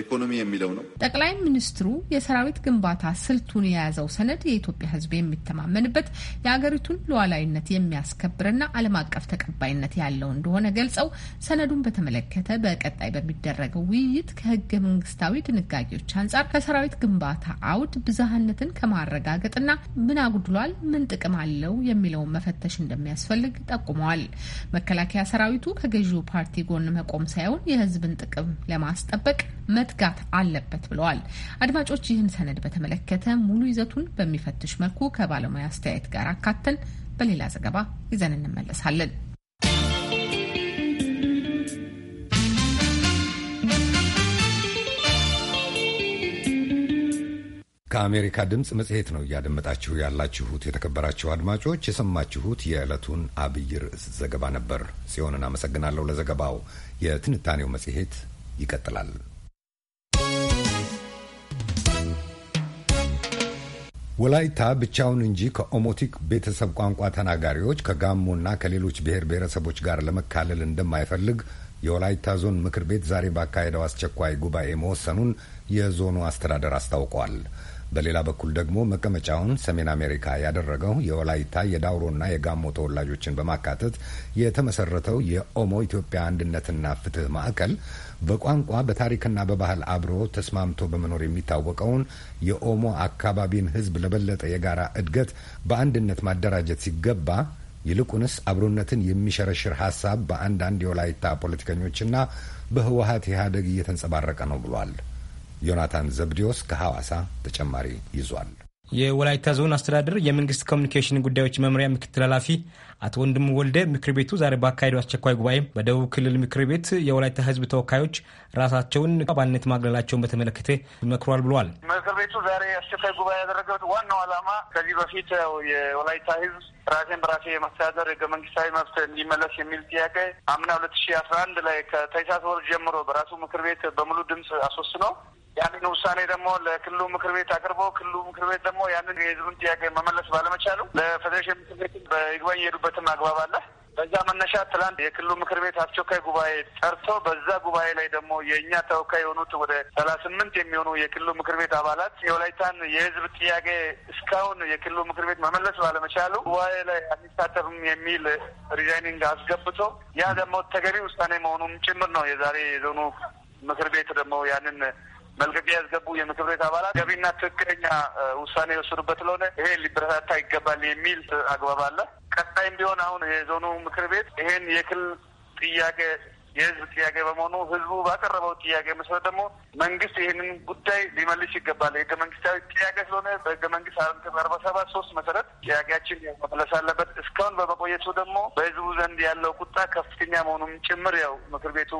ኢኮኖሚ የሚለው ነው። ጠቅላይ ሚኒስትሩ የሰራዊት ግንባታ ስልቱን የያዘው ሰነድ የኢትዮጵያ ሕዝብ የሚተማመንበት የሀገሪቱን ሉዓላዊነት የሚያስከብርና ዓለም አቀፍ ተቀባይነት ያለው እንደሆነ ገልጸው ሰነዱን በተመለከተ በቀጣይ በሚደረገው ውይይት ከህገ መንግስታዊ ድንጋጌዎች አንጻር ከሰራዊት ግንባታ አውድ ብዝሃነትን ከማረጋገጥና ምን አጉድሏል፣ ምን ጥቅም አለው የሚለውን መፈተሽ እንደሚያስፈልግ ጠቁመዋል። መከላከያ ሰራዊቱ ከገዢው ፓርቲ ጎን መቆም ሳይሆን የህዝብን ጥቅም ለማስጠበቅ መትጋት አለበት ብለዋል። አድማጮች ይህን ሰነድ በተመለከተ ሙሉ ይዘቱን በሚፈትሽ መልኩ ከባለሙያ አስተያየት ጋር አካተን በሌላ ዘገባ ይዘን እንመለሳለን። ከአሜሪካ ድምፅ መጽሔት ነው እያደመጣችሁ ያላችሁት። የተከበራችሁ አድማጮች የሰማችሁት የዕለቱን አብይ ርዕስ ዘገባ ነበር። ጽዮንን አመሰግናለሁ ለዘገባው። የትንታኔው መጽሔት ይቀጥላል። ወላይታ ብቻውን እንጂ ከኦሞቲክ ቤተሰብ ቋንቋ ተናጋሪዎች ከጋሞና ከሌሎች ብሔር ብሔረሰቦች ጋር ለመካለል እንደማይፈልግ የወላይታ ዞን ምክር ቤት ዛሬ ባካሄደው አስቸኳይ ጉባኤ መወሰኑን የዞኑ አስተዳደር አስታውቋል። በሌላ በኩል ደግሞ መቀመጫውን ሰሜን አሜሪካ ያደረገው የወላይታ የዳውሮና የጋሞ ተወላጆችን በማካተት የተመሰረተው የኦሞ ኢትዮጵያ አንድነትና ፍትህ ማዕከል በቋንቋ በታሪክና በባህል አብሮ ተስማምቶ በመኖር የሚታወቀውን የኦሞ አካባቢን ሕዝብ ለበለጠ የጋራ እድገት በአንድነት ማደራጀት ሲገባ ይልቁንስ አብሮነትን የሚሸረሽር ሀሳብ በአንዳንድ የወላይታ ፖለቲከኞችና በህወሀት ኢህአዴግ እየተንጸባረቀ ነው ብሏል። ዮናታን ዘብዲዮስ ከሐዋሳ ተጨማሪ ይዟል። የወላይታ ዞን አስተዳደር የመንግስት ኮሚኒኬሽን ጉዳዮች መምሪያ ምክትል ኃላፊ አቶ ወንድም ወልደ ምክር ቤቱ ዛሬ ባካሄደው አስቸኳይ ጉባኤ በደቡብ ክልል ምክር ቤት የወላይታ ሕዝብ ተወካዮች ራሳቸውን ባነት ማግለላቸውን በተመለከተ ይመክሯል ብለዋል። ምክር ቤቱ ዛሬ አስቸኳይ ጉባኤ ያደረገበት ዋናው ዓላማ ከዚህ በፊት የወላይታ ሕዝብ ራሴን በራሴ የማስተዳደር ህገ መንግስታዊ መብት እንዲመለስ የሚል ጥያቄ አምና ሁለት ሺ አስራ አንድ ላይ ከታህሳስ ወር ጀምሮ በራሱ ምክር ቤት በሙሉ ድምፅ አስወስኖ ያንን ውሳኔ ደግሞ ለክልሉ ምክር ቤት አቅርቦ ክልሉ ምክር ቤት ደግሞ ያንን የህዝቡን ጥያቄ መመለስ ባለመቻሉ ለፌዴሬሽን ምክር ቤት በይግባኝ የሄዱበትም አግባብ አለ። በዛ መነሻ ትላንት የክልሉ ምክር ቤት አስቸኳይ ጉባኤ ጠርቶ በዛ ጉባኤ ላይ ደግሞ የእኛ ተወካይ የሆኑት ወደ ሰላሳ ስምንት የሚሆኑ የክልሉ ምክር ቤት አባላት የወላይታን የህዝብ ጥያቄ እስካሁን የክልሉ ምክር ቤት መመለስ ባለመቻሉ ጉባኤ ላይ አንሳተፍም የሚል ሪዛይኒንግ አስገብቶ ያ ደግሞ ተገቢ ውሳኔ መሆኑም ጭምር ነው የዛሬ የዞኑ ምክር ቤት ደግሞ ያንን መልቀቂያ ያስገቡ የምክር ቤት አባላት ገቢና ትክክለኛ ውሳኔ የወሰዱበት ስለሆነ ይሄ ሊበረታታ ይገባል የሚል አግባብ አለ። ቀጣይም ቢሆን አሁን የዞኑ ምክር ቤት ይሄን የክልል ጥያቄ የህዝብ ጥያቄ በመሆኑ ህዝቡ ባቀረበው ጥያቄ መሰረት ደግሞ መንግስት ይህንን ጉዳይ ሊመልስ ይገባል። የህገ መንግስታዊ ጥያቄ ስለሆነ በህገ መንግስት አርባ ሰባት ሶስት መሰረት ጥያቄያችን መመለስ አለበት። እስካሁን በመቆየቱ ደግሞ በህዝቡ ዘንድ ያለው ቁጣ ከፍተኛ መሆኑም ጭምር ያው ምክር ቤቱ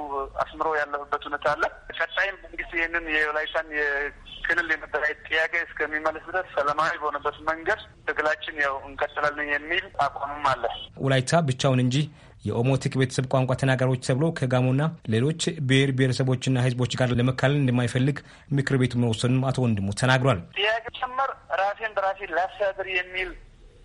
አስምሮ ያለበት ሁኔታ አለ። ቀጣይም መንግስት ይህንን የወላይታን የክልል የመደራጀት ጥያቄ እስከሚመልስ ድረስ ሰላማዊ በሆነበት መንገድ ትግላችን ያው እንቀጥላለን የሚል አቋምም አለ። ወላይታ ብቻውን እንጂ የኦሞቲክ ቤተሰብ ቋንቋ ተናጋሪዎች ተብሎ ከጋሞና ሌሎች ብሔር ብሔረሰቦችና ህዝቦች ጋር ለመካለል እንደማይፈልግ ምክር ቤቱ መወሰኑም አቶ ወንድሙ ተናግሯል። ጥያቄ ጭምር ራሴን በራሴ ላስተዳድር የሚል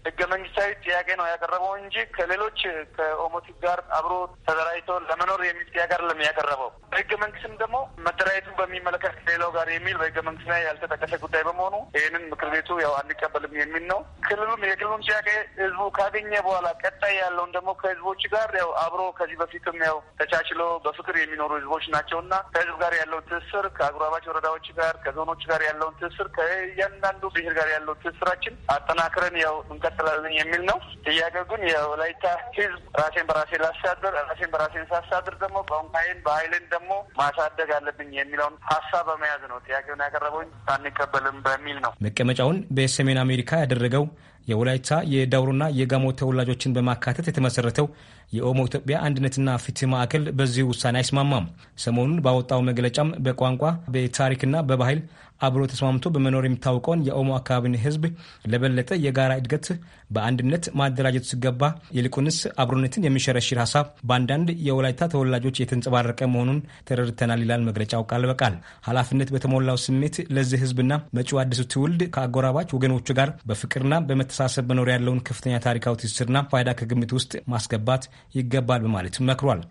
ህገ መንግስታዊ ጥያቄ ነው ያቀረበው እንጂ ከሌሎች ከኦሞቲቭ ጋር አብሮ ተደራጅቶ ለመኖር የሚል ጥያቄ አይደለም ያቀረበው። በህገ መንግስትም ደግሞ መደራጀቱን በሚመለከት ከሌላው ጋር የሚል በህገ መንግስት ላይ ያልተጠቀሰ ጉዳይ በመሆኑ ይህንን ምክር ቤቱ ያው አንቀበልም የሚል ነው። ክልሉም የክልሉም ጥያቄ ህዝቡ ካገኘ በኋላ ቀጣይ ያለውን ደግሞ ከህዝቦች ጋር ያው አብሮ ከዚህ በፊትም ያው ተቻችሎ በፍቅር የሚኖሩ ህዝቦች ናቸው እና ከህዝብ ጋር ያለውን ትስስር ከአጉራባች ወረዳዎች ጋር ከዞኖች ጋር ያለውን ትስስር ከእያንዳንዱ ብሄር ጋር ያለው ትስስራችን አጠናክረን ያው እንቀጥ ያስቀጥላልን የሚል ነው ጥያቄው። ግን የወላይታ ህዝብ ራሴን በራሴ ላስተዳድር፣ ራሴን በራሴን ሳስተዳድር ደግሞ ቋንቋዬን በሀይልን ደግሞ ማሳደግ አለብኝ የሚለውን ሀሳብ በመያዝ ነው ጥያቄውን ያቀረበውን አንቀበልም በሚል ነው። መቀመጫውን በሰሜን አሜሪካ ያደረገው የወላይታ የዳውሮና የጋሞ ተወላጆችን በማካተት የተመሰረተው የኦሞ ኢትዮጵያ አንድነትና ፍትህ ማዕከል በዚህ ውሳኔ አይስማማም። ሰሞኑን ባወጣው መግለጫም በቋንቋ በታሪክና በባህል አብሮ ተስማምቶ በመኖር የሚታወቀውን የኦሞ አካባቢን ህዝብ ለበለጠ የጋራ እድገት በአንድነት ማደራጀቱ ሲገባ ይልቁንስ አብሮነትን የሚሸረሽር ሀሳብ በአንዳንድ የወላይታ ተወላጆች የተንጸባረቀ መሆኑን ተረድተናል ይላል መግለጫው ቃል በቃል። ኃላፊነት በተሞላው ስሜት ለዚህ ህዝብና መጪው አዲሱ ትውልድ ከአጎራባች ወገኖቹ ጋር በፍቅርና በመተሳሰብ መኖር ያለውን ከፍተኛ ታሪካዊ ትስስርና ፋይዳ ከግምት ውስጥ ማስገባት ይገባል በማለት መክሯል።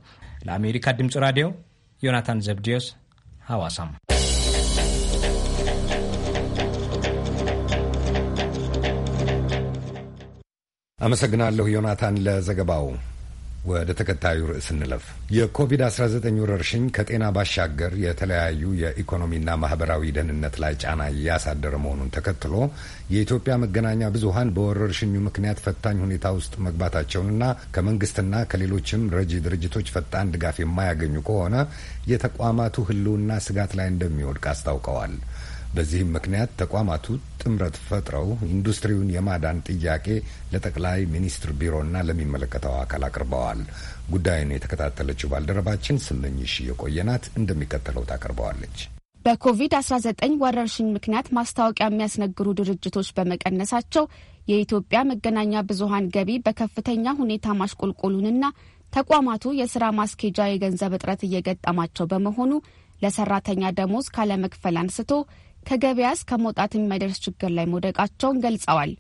ለአሜሪካ ድምፅ ራዲዮ ዮናታን ዘብዲዮስ ሐዋሳም አመሰግናለሁ ዮናታን ለዘገባው። ወደ ተከታዩ ርዕስ እንለፍ። የኮቪድ-19 ወረርሽኝ ከጤና ባሻገር የተለያዩ የኢኮኖሚና ማህበራዊ ደህንነት ላይ ጫና እያሳደረ መሆኑን ተከትሎ የኢትዮጵያ መገናኛ ብዙሀን በወረርሽኙ ምክንያት ፈታኝ ሁኔታ ውስጥ መግባታቸውንና ከመንግስትና ከሌሎችም ረጂ ድርጅቶች ፈጣን ድጋፍ የማያገኙ ከሆነ የተቋማቱ ህልውና ስጋት ላይ እንደሚወድቅ አስታውቀዋል። በዚህም ምክንያት ተቋማቱ ጥምረት ፈጥረው ኢንዱስትሪውን የማዳን ጥያቄ ለጠቅላይ ሚኒስትር ቢሮና ለሚመለከተው አካል አቅርበዋል። ጉዳዩን የተከታተለችው ባልደረባችን ስመኝሽ የቆየናት እንደሚከተለው ታቀርበዋለች። በኮቪድ-19 ወረርሽኝ ምክንያት ማስታወቂያ የሚያስነግሩ ድርጅቶች በመቀነሳቸው የኢትዮጵያ መገናኛ ብዙሀን ገቢ በከፍተኛ ሁኔታ ማሽቆልቆሉንና ተቋማቱ የስራ ማስኬጃ የገንዘብ እጥረት እየገጠማቸው በመሆኑ ለሰራተኛ ደሞዝ ካለመክፈል አንስቶ ከገበያ እስከ መውጣት የማይደርስ ችግር ላይ መውደቃቸውን ገልጸዋል።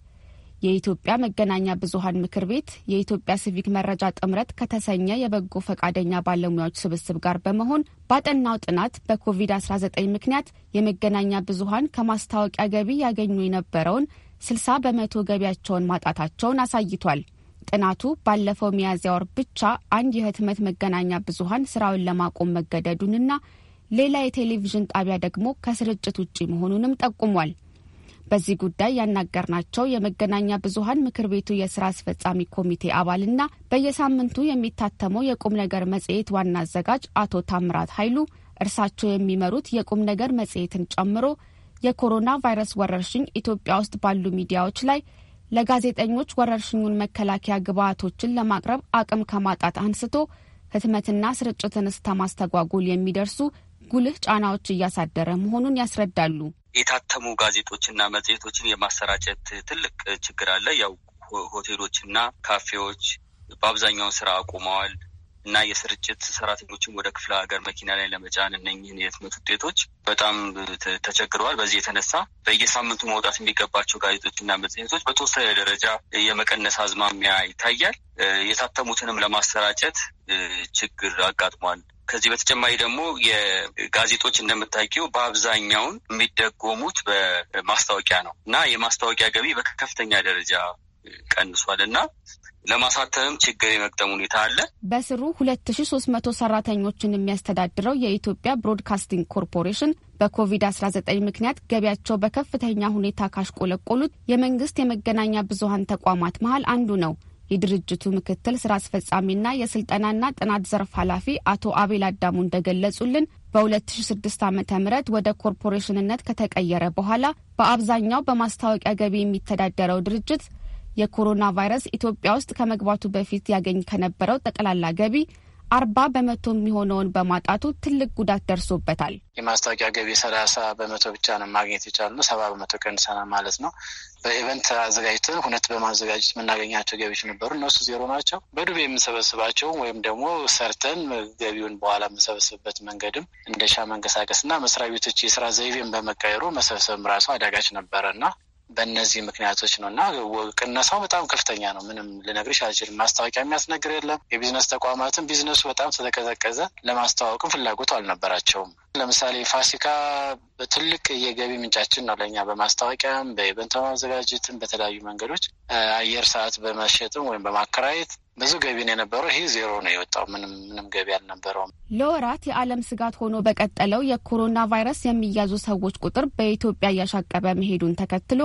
የኢትዮጵያ መገናኛ ብዙኃን ምክር ቤት የኢትዮጵያ ሲቪክ መረጃ ጥምረት ከተሰኘ የበጎ ፈቃደኛ ባለሙያዎች ስብስብ ጋር በመሆን ባጠናው ጥናት በኮቪድ-19 ምክንያት የመገናኛ ብዙኃን ከማስታወቂያ ገቢ ያገኙ የነበረውን 60 በመቶ ገቢያቸውን ማጣታቸውን አሳይቷል። ጥናቱ ባለፈው ሚያዝያ ወር ብቻ አንድ የህትመት መገናኛ ብዙኃን ስራውን ለማቆም መገደዱንና ሌላ የቴሌቪዥን ጣቢያ ደግሞ ከስርጭት ውጪ መሆኑንም ጠቁሟል። በዚህ ጉዳይ ያናገርናቸው የመገናኛ ብዙኃን ምክር ቤቱ የስራ አስፈጻሚ ኮሚቴ አባልና በየሳምንቱ የሚታተመው የቁም ነገር መጽሔት ዋና አዘጋጅ አቶ ታምራት ኃይሉ እርሳቸው የሚመሩት የቁም ነገር መጽሔትን ጨምሮ የኮሮና ቫይረስ ወረርሽኝ ኢትዮጵያ ውስጥ ባሉ ሚዲያዎች ላይ ለጋዜጠኞች ወረርሽኙን መከላከያ ግብዓቶችን ለማቅረብ አቅም ከማጣት አንስቶ ህትመትና ስርጭትን እስከ ማስተጓጎል የሚደርሱ ጉልህ ጫናዎች እያሳደረ መሆኑን ያስረዳሉ። የታተሙ ጋዜጦችና መጽሔቶችን የማሰራጨት ትልቅ ችግር አለ። ያው ሆቴሎችና ካፌዎች በአብዛኛው ስራ አቁመዋል እና የስርጭት ሰራተኞችን ወደ ክፍለ ሀገር መኪና ላይ ለመጫን እነኝህን የህትመት ውጤቶች በጣም ተቸግረዋል። በዚህ የተነሳ በየሳምንቱ መውጣት የሚገባቸው ጋዜጦችና መጽሔቶች በተወሰነ ደረጃ የመቀነስ አዝማሚያ ይታያል። የታተሙትንም ለማሰራጨት ችግር አጋጥሟል። ከዚህ በተጨማሪ ደግሞ የጋዜጦች እንደምታውቂው በአብዛኛውን የሚደጎሙት በማስታወቂያ ነው እና የማስታወቂያ ገቢ በከፍተኛ ደረጃ ቀንሷል እና ለማሳተምም ችግር የመቅጠም ሁኔታ አለ። በስሩ ሁለት ሺ ሶስት መቶ ሰራተኞችን የሚያስተዳድረው የኢትዮጵያ ብሮድካስቲንግ ኮርፖሬሽን በኮቪድ-19 ምክንያት ገቢያቸው በከፍተኛ ሁኔታ ካሽቆለቆሉት የመንግስት የመገናኛ ብዙሀን ተቋማት መሀል አንዱ ነው። የድርጅቱ ምክትል ስራ አስፈጻሚና የስልጠናና ጥናት ዘርፍ ኃላፊ አቶ አቤል አዳሙ እንደገለጹልን በ2006 ዓ ም ወደ ኮርፖሬሽንነት ከተቀየረ በኋላ በአብዛኛው በማስታወቂያ ገቢ የሚተዳደረው ድርጅት የኮሮና ቫይረስ ኢትዮጵያ ውስጥ ከመግባቱ በፊት ያገኝ ከነበረው ጠቅላላ ገቢ አርባ በመቶ የሚሆነውን በማጣቱ ትልቅ ጉዳት ደርሶበታል። የማስታወቂያ ገቢ ሰላሳ በመቶ ብቻ ነው ማግኘት የቻልነው፣ ሰባ በመቶ ቀንሰናል ማለት ነው። በኢቨንት አዘጋጅተን ሁነት በማዘጋጀት የምናገኛቸው ገቢዎች ነበሩ። እነሱ ዜሮ ናቸው። በዱቤ የምንሰበስባቸው ወይም ደግሞ ሰርተን ገቢውን በኋላ የምንሰበስብበት መንገድም እንደሻ መንቀሳቀስ እና መስሪያ ቤቶች የስራ ዘይቤን በመቀየሩ መሰብሰብም ራሱ አዳጋች ነበረ እና በእነዚህ ምክንያቶች ነው እና ቅነሳው በጣም ከፍተኛ ነው። ምንም ልነግርሽ አልችልም። ማስታወቂያ የሚያስነግር የለም። የቢዝነስ ተቋማትን ቢዝነሱ በጣም ስለተቀዘቀዘ ለማስተዋወቅም ፍላጎቱ አልነበራቸውም። ለምሳሌ ፋሲካ በትልቅ የገቢ ምንጫችን ነው ለእኛ በማስታወቂያም በኢቨንት በማዘጋጀትም በተለያዩ መንገዶች አየር ሰዓት በመሸጥም ወይም በማከራየት ብዙ ገቢ ነው የነበረው። ይሄ ዜሮ ነው የወጣው። ምንም ምንም ገቢ አልነበረውም። ለወራት የዓለም ስጋት ሆኖ በቀጠለው የኮሮና ቫይረስ የሚያዙ ሰዎች ቁጥር በኢትዮጵያ እያሻቀበ መሄዱን ተከትሎ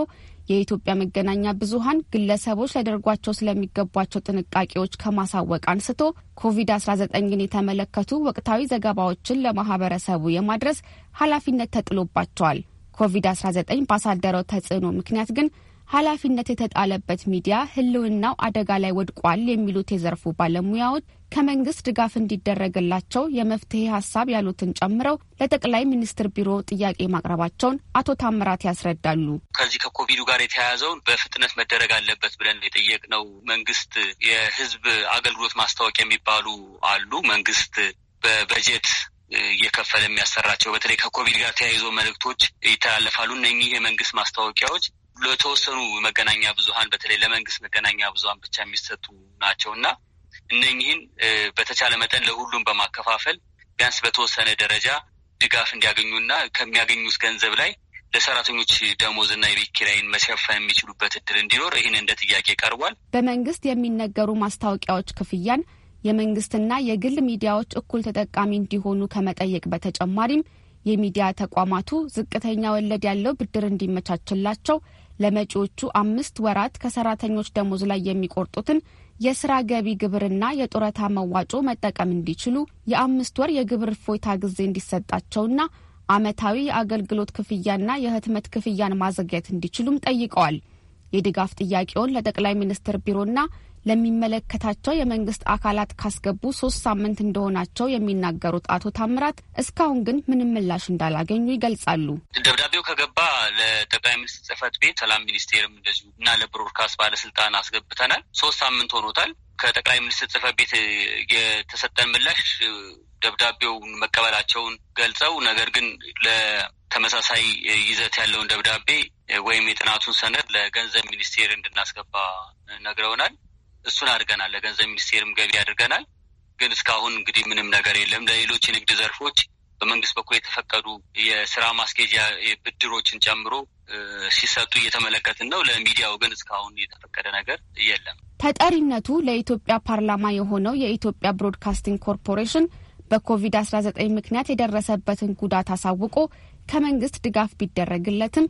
የኢትዮጵያ መገናኛ ብዙኃን ግለሰቦች ሊያደርጓቸው ስለሚገቧቸው ጥንቃቄዎች ከማሳወቅ አንስቶ ኮቪድ-19ን የተመለከቱ ወቅታዊ ዘገባዎችን ለማህበረሰቡ የማድረስ ኃላፊነት ተጥሎባቸዋል። ኮቪድ-19 ባሳደረው ተጽዕኖ ምክንያት ግን ኃላፊነት የተጣለበት ሚዲያ ህልውናው አደጋ ላይ ወድቋል የሚሉት የዘርፉ ባለሙያዎች ከመንግስት ድጋፍ እንዲደረግላቸው የመፍትሄ ሀሳብ ያሉትን ጨምረው ለጠቅላይ ሚኒስትር ቢሮ ጥያቄ ማቅረባቸውን አቶ ታምራት ያስረዳሉ። ከዚህ ከኮቪዱ ጋር የተያያዘውን በፍጥነት መደረግ አለበት ብለን የጠየቅነው መንግስት የህዝብ አገልግሎት ማስታወቂያ የሚባሉ አሉ። መንግስት በበጀት እየከፈለ የሚያሰራቸው በተለይ ከኮቪድ ጋር ተያይዞ መልእክቶች ይተላለፋሉ። እነኚህ የመንግስት ማስታወቂያዎች ለተወሰኑ መገናኛ ብዙሀን በተለይ ለመንግስት መገናኛ ብዙሀን ብቻ የሚሰጡ ናቸው እና እነኚህን በተቻለ መጠን ለሁሉም በማከፋፈል ቢያንስ በተወሰነ ደረጃ ድጋፍ እንዲያገኙና ከሚያገኙት ገንዘብ ላይ ለሰራተኞች ደሞዝና የቤት ኪራይን መሸፈን የሚችሉበት እድል እንዲኖር ይህን እንደ ጥያቄ ቀርቧል። በመንግስት የሚነገሩ ማስታወቂያዎች ክፍያን የመንግስትና የግል ሚዲያዎች እኩል ተጠቃሚ እንዲሆኑ ከመጠየቅ በተጨማሪም የሚዲያ ተቋማቱ ዝቅተኛ ወለድ ያለው ብድር እንዲመቻችላቸው ለመጪዎቹ አምስት ወራት ከሰራተኞች ደሞዝ ላይ የሚቆርጡትን የስራ ገቢ ግብርና የጡረታ መዋጮ መጠቀም እንዲችሉ የአምስት ወር የግብር እፎይታ ጊዜ እንዲሰጣቸውና አመታዊ የአገልግሎት ክፍያና የህትመት ክፍያን ማዘግየት እንዲችሉም ጠይቀዋል። የድጋፍ ጥያቄውን ለጠቅላይ ሚኒስትር ቢሮና ለሚመለከታቸው የመንግስት አካላት ካስገቡ ሶስት ሳምንት እንደሆናቸው የሚናገሩት አቶ ታምራት እስካሁን ግን ምንም ምላሽ እንዳላገኙ ይገልጻሉ። ደብዳቤው ከገባ ለጠቅላይ ሚኒስትር ጽህፈት ቤት፣ ሰላም ሚኒስቴርም እንደዚሁ እና ለብሮድካስት ባለስልጣን አስገብተናል። ሶስት ሳምንት ሆኖታል። ከጠቅላይ ሚኒስትር ጽህፈት ቤት የተሰጠን ምላሽ ደብዳቤውን መቀበላቸውን ገልጸው ነገር ግን ለተመሳሳይ ይዘት ያለውን ደብዳቤ ወይም የጥናቱን ሰነድ ለገንዘብ ሚኒስቴር እንድናስገባ ነግረውናል። እሱን አድርገናል። ለገንዘብ ሚኒስቴርም ገቢ አድርገናል። ግን እስካሁን እንግዲህ ምንም ነገር የለም። ለሌሎች የንግድ ዘርፎች በመንግስት በኩል የተፈቀዱ የስራ ማስኬጃ ብድሮችን ጨምሮ ሲሰጡ እየተመለከትን ነው። ለሚዲያው ግን እስካሁን የተፈቀደ ነገር የለም። ተጠሪነቱ ለኢትዮጵያ ፓርላማ የሆነው የኢትዮጵያ ብሮድካስቲንግ ኮርፖሬሽን በኮቪድ-19 ምክንያት የደረሰበትን ጉዳት አሳውቆ ከመንግስት ድጋፍ ቢደረግለትም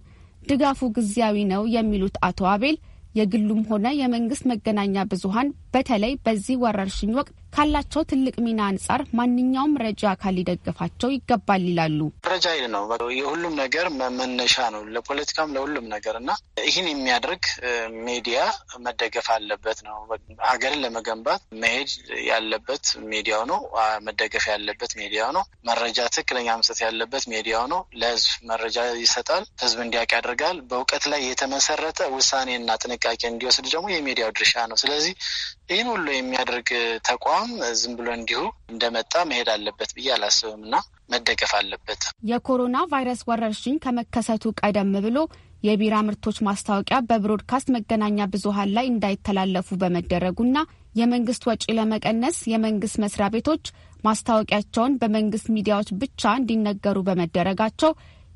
ድጋፉ ጊዜያዊ ነው የሚሉት አቶ አቤል የግሉም ሆነ የመንግስት መገናኛ ብዙሀን በተለይ በዚህ ወረርሽኝ ወቅት ካላቸው ትልቅ ሚና አንጻር ማንኛውም ረጂ አካል ሊደግፋቸው ይገባል ይላሉ። ረጃ ይል ነው የሁሉም ነገር መነሻ ነው፣ ለፖለቲካም ለሁሉም ነገር እና ይህን የሚያደርግ ሚዲያ መደገፍ አለበት ነው። ሀገርን ለመገንባት መሄድ ያለበት ሚዲያው ነው፣ መደገፍ ያለበት ሚዲያው ነው። መረጃ ትክክለኛ መስጠት ያለበት ሚዲያው ነው። ለህዝብ መረጃ ይሰጣል፣ ህዝብ እንዲያውቅ ያደርጋል። በእውቀት ላይ የተመሰረተ ውሳኔና ጥ ጥንቃቄ እንዲወስድ ደግሞ የሚዲያው ድርሻ ነው። ስለዚህ ይህን ሁሉ የሚያደርግ ተቋም ዝም ብሎ እንዲሁ እንደመጣ መሄድ አለበት ብዬ አላስብም እና መደገፍ አለበት። የኮሮና ቫይረስ ወረርሽኝ ከመከሰቱ ቀደም ብሎ የቢራ ምርቶች ማስታወቂያ በብሮድካስት መገናኛ ብዙኃን ላይ እንዳይተላለፉ በመደረጉና የመንግስት ወጪ ለመቀነስ የመንግስት መስሪያ ቤቶች ማስታወቂያቸውን በመንግስት ሚዲያዎች ብቻ እንዲነገሩ በመደረጋቸው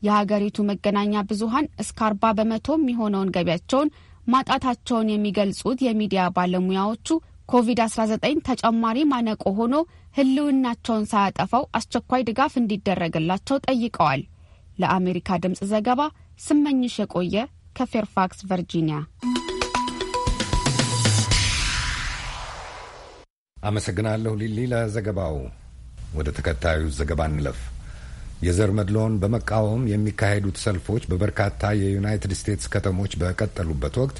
የሀገሪቱ መገናኛ ብዙኃን እስከ አርባ በመቶ የሚሆነውን ገቢያቸውን ማጣታቸውን የሚገልጹት የሚዲያ ባለሙያዎቹ ኮቪድ-19 ተጨማሪ ማነቆ ሆኖ ሕልውናቸውን ሳያጠፋው አስቸኳይ ድጋፍ እንዲደረግላቸው ጠይቀዋል። ለአሜሪካ ድምፅ ዘገባ ስመኝሽ የቆየ ከፌርፋክስ ቨርጂኒያ። አመሰግናለሁ ሊሊ ለዘገባው። ወደ ተከታዩ ዘገባ እንለፍ። የዘር መድሎን በመቃወም የሚካሄዱት ሰልፎች በበርካታ የዩናይትድ ስቴትስ ከተሞች በቀጠሉበት ወቅት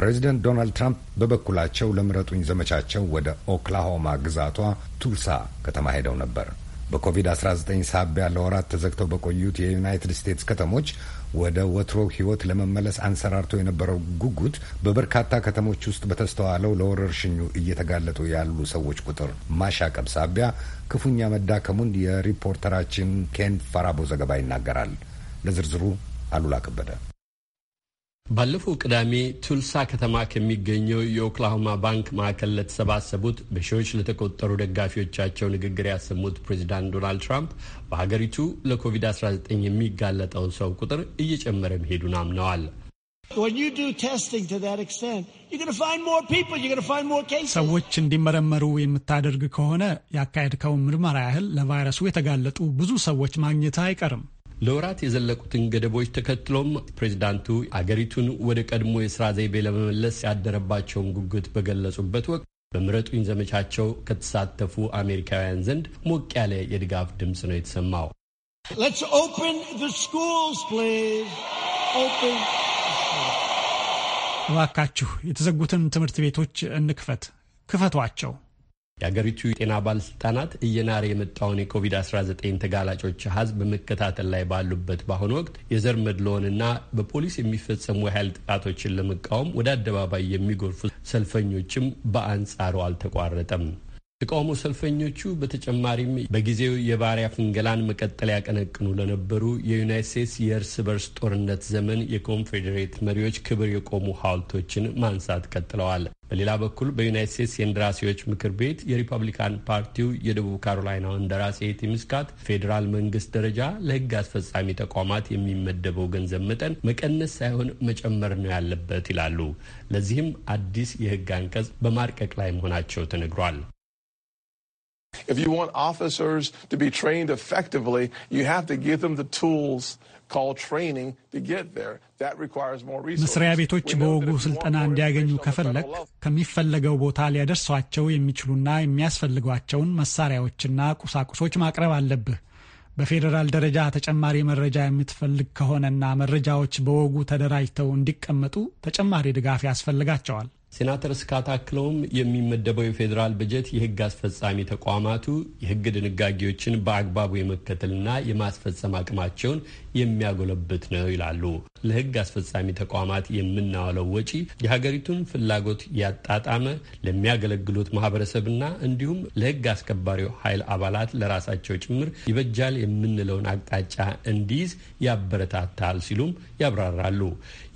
ፕሬዚደንት ዶናልድ ትራምፕ በበኩላቸው ለምረጡኝ ዘመቻቸው ወደ ኦክላሆማ ግዛቷ ቱልሳ ከተማ ሄደው ነበር። በኮቪድ-19 ሳቢያ ለወራት ተዘግተው በቆዩት የዩናይትድ ስቴትስ ከተሞች ወደ ወትሮ ህይወት ለመመለስ አንሰራርቶ የነበረው ጉጉት በበርካታ ከተሞች ውስጥ በተስተዋለው ለወረርሽኙ እየተጋለጡ ያሉ ሰዎች ቁጥር ማሻቀብ ሳቢያ ክፉኛ መዳከሙን የሪፖርተራችን ኬን ፈራቦ ዘገባ ይናገራል። ለዝርዝሩ አሉላ ከበደ ባለፈው ቅዳሜ ቱልሳ ከተማ ከሚገኘው የኦክላሆማ ባንክ ማዕከል ለተሰባሰቡት በሺዎች ለተቆጠሩ ደጋፊዎቻቸው ንግግር ያሰሙት ፕሬዚዳንት ዶናልድ ትራምፕ በሀገሪቱ ለኮቪድ-19 የሚጋለጠው ሰው ቁጥር እየጨመረ መሄዱን አምነዋል። ሰዎች እንዲመረመሩ የምታደርግ ከሆነ ያካሄድከውን ምርመራ ያህል ለቫይረሱ የተጋለጡ ብዙ ሰዎች ማግኘት አይቀርም። ለወራት የዘለቁትን ገደቦች ተከትሎም ፕሬዚዳንቱ አገሪቱን ወደ ቀድሞ የስራ ዘይቤ ለመመለስ ያደረባቸውን ጉጉት በገለጹበት ወቅት በምረጡኝ ዘመቻቸው ከተሳተፉ አሜሪካውያን ዘንድ ሞቅ ያለ የድጋፍ ድምፅ ነው የተሰማው። እባካችሁ የተዘጉትን ትምህርት ቤቶች እንክፈት፣ ክፈቷቸው የአገሪቱ የጤና ባለስልጣናት እየናረ የመጣውን የኮቪድ-19 ተጋላጮች ሀዝ በመከታተል ላይ ባሉበት በአሁኑ ወቅት የዘር መድሎንና በፖሊስ የሚፈጸሙ የኃይል ጥቃቶችን ለመቃወም ወደ አደባባይ የሚጎርፉ ሰልፈኞችም በአንጻሩ አልተቋረጠም። ተቃውሞ ሰልፈኞቹ በተጨማሪም በጊዜው የባሪያ ፍንገላን መቀጠል ያቀነቅኑ ለነበሩ የዩናይት ስቴትስ የእርስ በርስ ጦርነት ዘመን የኮንፌዴሬት መሪዎች ክብር የቆሙ ሐውልቶችን ማንሳት ቀጥለዋል። በሌላ በኩል በዩናይት ስቴትስ የእንደራሴዎች ምክር ቤት የሪፐብሊካን ፓርቲው የደቡብ ካሮላይናው እንደራሴ ቲም ስኮት ፌዴራል መንግስት ደረጃ ለህግ አስፈጻሚ ተቋማት የሚመደበው ገንዘብ መጠን መቀነስ ሳይሆን መጨመር ነው ያለበት ይላሉ። ለዚህም አዲስ የሕግ አንቀጽ በማርቀቅ ላይ መሆናቸው ተነግሯል። If you want officers to be trained effectively, you have to give them the tools መስሪያ ቤቶች በወጉ ስልጠና እንዲያገኙ ከፈለግ ከሚፈለገው ቦታ ሊያደርሷቸው የሚችሉና የሚያስፈልጓቸውን መሳሪያዎችና ቁሳቁሶች ማቅረብ አለብህ። በፌዴራል ደረጃ ተጨማሪ መረጃ የምትፈልግ ከሆነና መረጃዎች በወጉ ተደራጅተው እንዲቀመጡ ተጨማሪ ድጋፍ ያስፈልጋቸዋል። ሴናተር ስካት አክለውም የሚመደበው የፌዴራል በጀት የህግ አስፈጻሚ ተቋማቱ የህግ ድንጋጌዎችን በአግባቡ የመከተልና የማስፈጸም አቅማቸውን የሚያጎለብት ነው ይላሉ። ለህግ አስፈጻሚ ተቋማት የምናውለው ወጪ የሀገሪቱን ፍላጎት ያጣጣመ ለሚያገለግሉት ማህበረሰብና እንዲሁም ለህግ አስከባሪው ኃይል አባላት ለራሳቸው ጭምር ይበጃል የምንለውን አቅጣጫ እንዲይዝ ያበረታታል ሲሉም ያብራራሉ።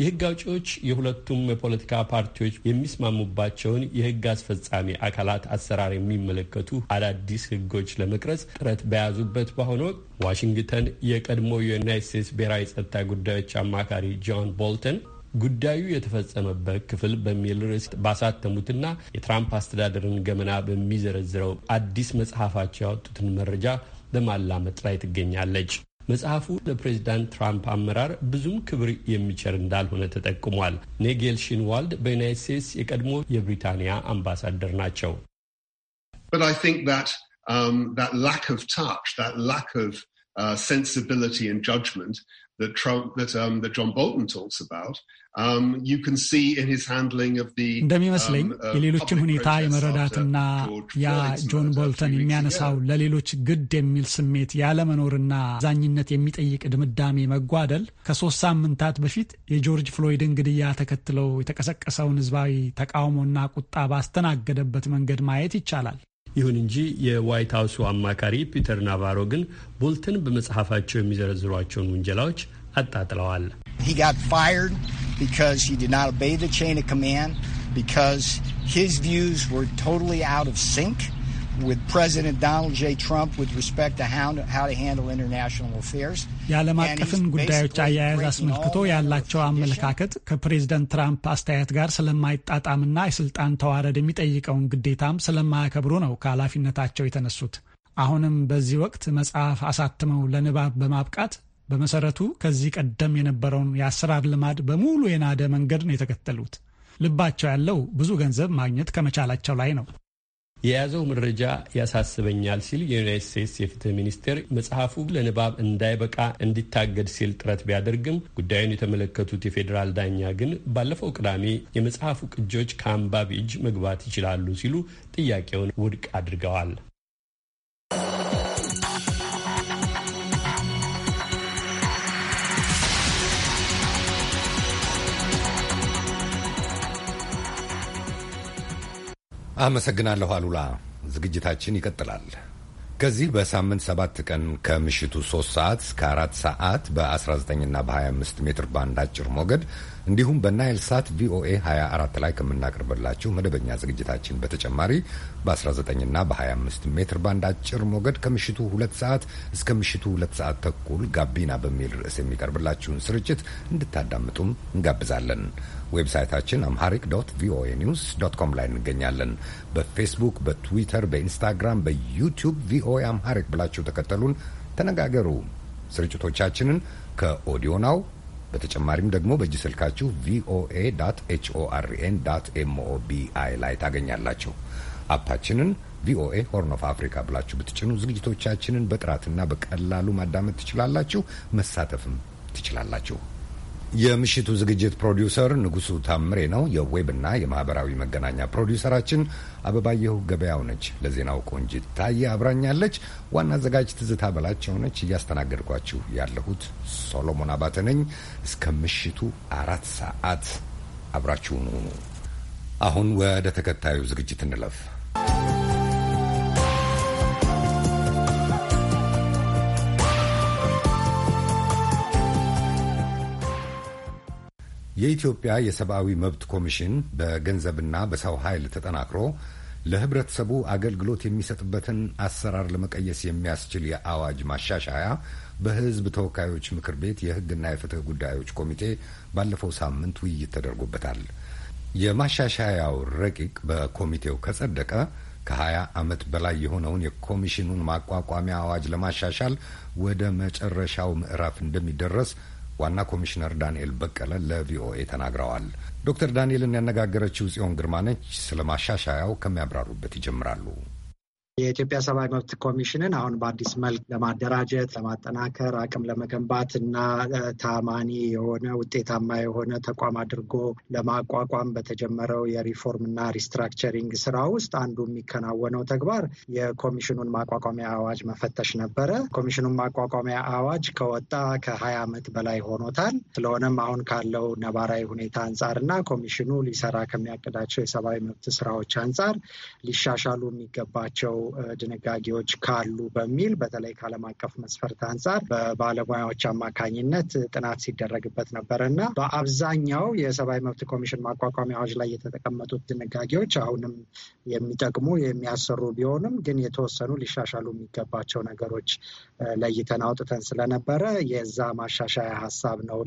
የህግ አውጪዎች የሁለቱም የፖለቲካ ፓርቲዎች የሚስማሙባቸውን የህግ አስፈጻሚ አካላት አሰራር የሚመለከቱ አዳዲስ ህጎች ለመቅረጽ ጥረት በያዙበት በአሁኑ ወቅት ዋሽንግተን የቀድሞ የዩናይት ስቴትስ ብሔራዊ ጸጥታ ጉዳዮች አማካሪ ጆን ቦልተን ጉዳዩ የተፈጸመበት ክፍል በሚል ርዕስ ባሳተሙትና የትራምፕ አስተዳደርን ገመና በሚዘረዝረው አዲስ መጽሐፋቸው ያወጡትን መረጃ በማላመጥ ላይ ትገኛለች። መጽሐፉ ለፕሬዚዳንት ትራምፕ አመራር ብዙም ክብር የሚቸር እንዳልሆነ ተጠቁሟል። ኔጌል ሽንዋልድ በዩናይት ስቴትስ የቀድሞ የብሪታንያ አምባሳደር ናቸው። Um, እንደሚመስለኝ um, uh, የሌሎችን ሁኔታ የመረዳትና ያ ጆን ቦልተን የሚያነሳው ለሌሎች ግድ የሚል ስሜት ያለመኖርና አዛኝነት የሚጠይቅ ድምዳሜ መጓደል ከሶስት ሳምንታት በፊት የጆርጅ ፍሎይድን ግድያ ተከትለው የተቀሰቀሰውን ህዝባዊ ተቃውሞና ቁጣ ባስተናገደበት መንገድ ማየት ይቻላል። ይሁን እንጂ የዋይት ሀውሱ አማካሪ ፒተር ናቫሮ ግን ቦልተን በመጽሐፋቸው የሚዘረዝሯቸውን ውንጀላዎች አጣጥለዋል። because he did not obey the chain of command, because his views were totally out of sync with President Donald J. Trump with respect to how to, how to handle international affairs. የዓለም አቀፍን ጉዳዮች አያያዝ አስመልክቶ ያላቸው አመለካከት ከፕሬዝደንት ትራምፕ አስተያየት ጋር ስለማይጣጣምና የስልጣን ተዋረድ የሚጠይቀውን ግዴታም ስለማያከብሩ ነው ከኃላፊነታቸው የተነሱት። አሁንም በዚህ ወቅት መጽሐፍ አሳትመው ለንባብ በማብቃት በመሰረቱ ከዚህ ቀደም የነበረውን የአሰራር ልማድ በሙሉ የናደ መንገድ ነው የተከተሉት። ልባቸው ያለው ብዙ ገንዘብ ማግኘት ከመቻላቸው ላይ ነው። የያዘው መረጃ ያሳስበኛል ሲል የዩናይት ስቴትስ የፍትህ ሚኒስቴር መጽሐፉ ለንባብ እንዳይበቃ እንዲታገድ ሲል ጥረት ቢያደርግም ጉዳዩን የተመለከቱት የፌዴራል ዳኛ ግን ባለፈው ቅዳሜ የመጽሐፉ ቅጆች ከአንባቢ እጅ መግባት ይችላሉ ሲሉ ጥያቄውን ውድቅ አድርገዋል። አመሰግናለሁ አሉላ። ዝግጅታችን ይቀጥላል። ከዚህ በሳምንት ሰባት ቀን ከምሽቱ ሶስት ሰዓት እስከ 4 ሰዓት በ19ና በ25 ሜትር ባንድ አጭር ሞገድ እንዲሁም በናይል ሳት ቪኦኤ 24 ላይ ከምናቀርብላችሁ መደበኛ ዝግጅታችን በተጨማሪ በ19ና በ25 ሜትር ባንድ አጭር ሞገድ ከምሽቱ 2 ሰዓት እስከ ምሽቱ 2 ሰዓት ተኩል ጋቢና በሚል ርዕስ የሚቀርብላችሁን ስርጭት እንድታዳምጡም እንጋብዛለን። ዌብሳይታችን አምሃሪክ ዶት ቪኦኤ ኒውስ ዶት ኮም ላይ እንገኛለን። በፌስቡክ፣ በትዊተር፣ በኢንስታግራም፣ በዩቲዩብ ቪኦኤ አምሃሪክ ብላችሁ ተከተሉን፣ ተነጋገሩ። ስርጭቶቻችንን ከኦዲዮ ናው በተጨማሪም ደግሞ በእጅ ስልካችሁ ቪኦኤ ኤች ኦ አር ኤን ላይ ታገኛላችሁ። አፓችንን ቪኦኤ ሆርን ኦፍ አፍሪካ ብላችሁ ብትጭኑ ዝግጅቶቻችንን በጥራትና በቀላሉ ማዳመጥ ትችላላችሁ፣ መሳተፍም ትችላላችሁ። የምሽቱ ዝግጅት ፕሮዲውሰር ንጉሱ ታምሬ ነው። የዌብና የማህበራዊ መገናኛ ፕሮዲውሰራችን አበባየሁ ገበያው ነች። ለዜናው ቆንጂት ታየ አብራኛለች። ዋና አዘጋጅ ትዝታ በላቸው ነች። እያስተናገድኳችሁ ያለሁት ሶሎሞን አባተ ነኝ። እስከ ምሽቱ አራት ሰዓት አብራችሁን ሁኑ። አሁን ወደ ተከታዩ ዝግጅት እንለፍ። የኢትዮጵያ የሰብአዊ መብት ኮሚሽን በገንዘብና በሰው ኃይል ተጠናክሮ ለህብረተሰቡ አገልግሎት የሚሰጥበትን አሰራር ለመቀየስ የሚያስችል የአዋጅ ማሻሻያ በህዝብ ተወካዮች ምክር ቤት የህግና የፍትህ ጉዳዮች ኮሚቴ ባለፈው ሳምንት ውይይት ተደርጎበታል። የማሻሻያው ረቂቅ በኮሚቴው ከጸደቀ ከ20 ዓመት በላይ የሆነውን የኮሚሽኑን ማቋቋሚያ አዋጅ ለማሻሻል ወደ መጨረሻው ምዕራፍ እንደሚደረስ ዋና ኮሚሽነር ዳንኤል በቀለ ለቪኦኤ ተናግረዋል። ዶክተር ዳንኤልን ያነጋገረችው ጽዮን ግርማ ነች። ስለ ማሻሻያው ከሚያብራሩበት ይጀምራሉ። የኢትዮጵያ ሰብአዊ መብት ኮሚሽንን አሁን በአዲስ መልክ ለማደራጀት፣ ለማጠናከር፣ አቅም ለመገንባት እና ታማኒ የሆነ ውጤታማ የሆነ ተቋም አድርጎ ለማቋቋም በተጀመረው የሪፎርም እና ሪስትራክቸሪንግ ስራ ውስጥ አንዱ የሚከናወነው ተግባር የኮሚሽኑን ማቋቋሚያ አዋጅ መፈተሽ ነበረ። ኮሚሽኑን ማቋቋሚያ አዋጅ ከወጣ ከሀያ ዓመት በላይ ሆኖታል። ስለሆነም አሁን ካለው ነባራዊ ሁኔታ አንጻር እና ኮሚሽኑ ሊሰራ ከሚያቅዳቸው የሰብአዊ መብት ስራዎች አንጻር ሊሻሻሉ የሚገባቸው ድንጋጌዎች ካሉ በሚል በተለይ ከዓለም አቀፍ መስፈርት አንጻር በባለሙያዎች አማካኝነት ጥናት ሲደረግበት ነበር እና በአብዛኛው የሰብአዊ መብት ኮሚሽን ማቋቋሚያዎች ላይ የተቀመጡት ድንጋጌዎች አሁንም የሚጠቅሙ የሚያሰሩ ቢሆንም ግን የተወሰኑ ሊሻሻሉ የሚገባቸው ነገሮች ለይተን አውጥተን ስለነበረ የዛ ማሻሻያ ሀሳብ ነው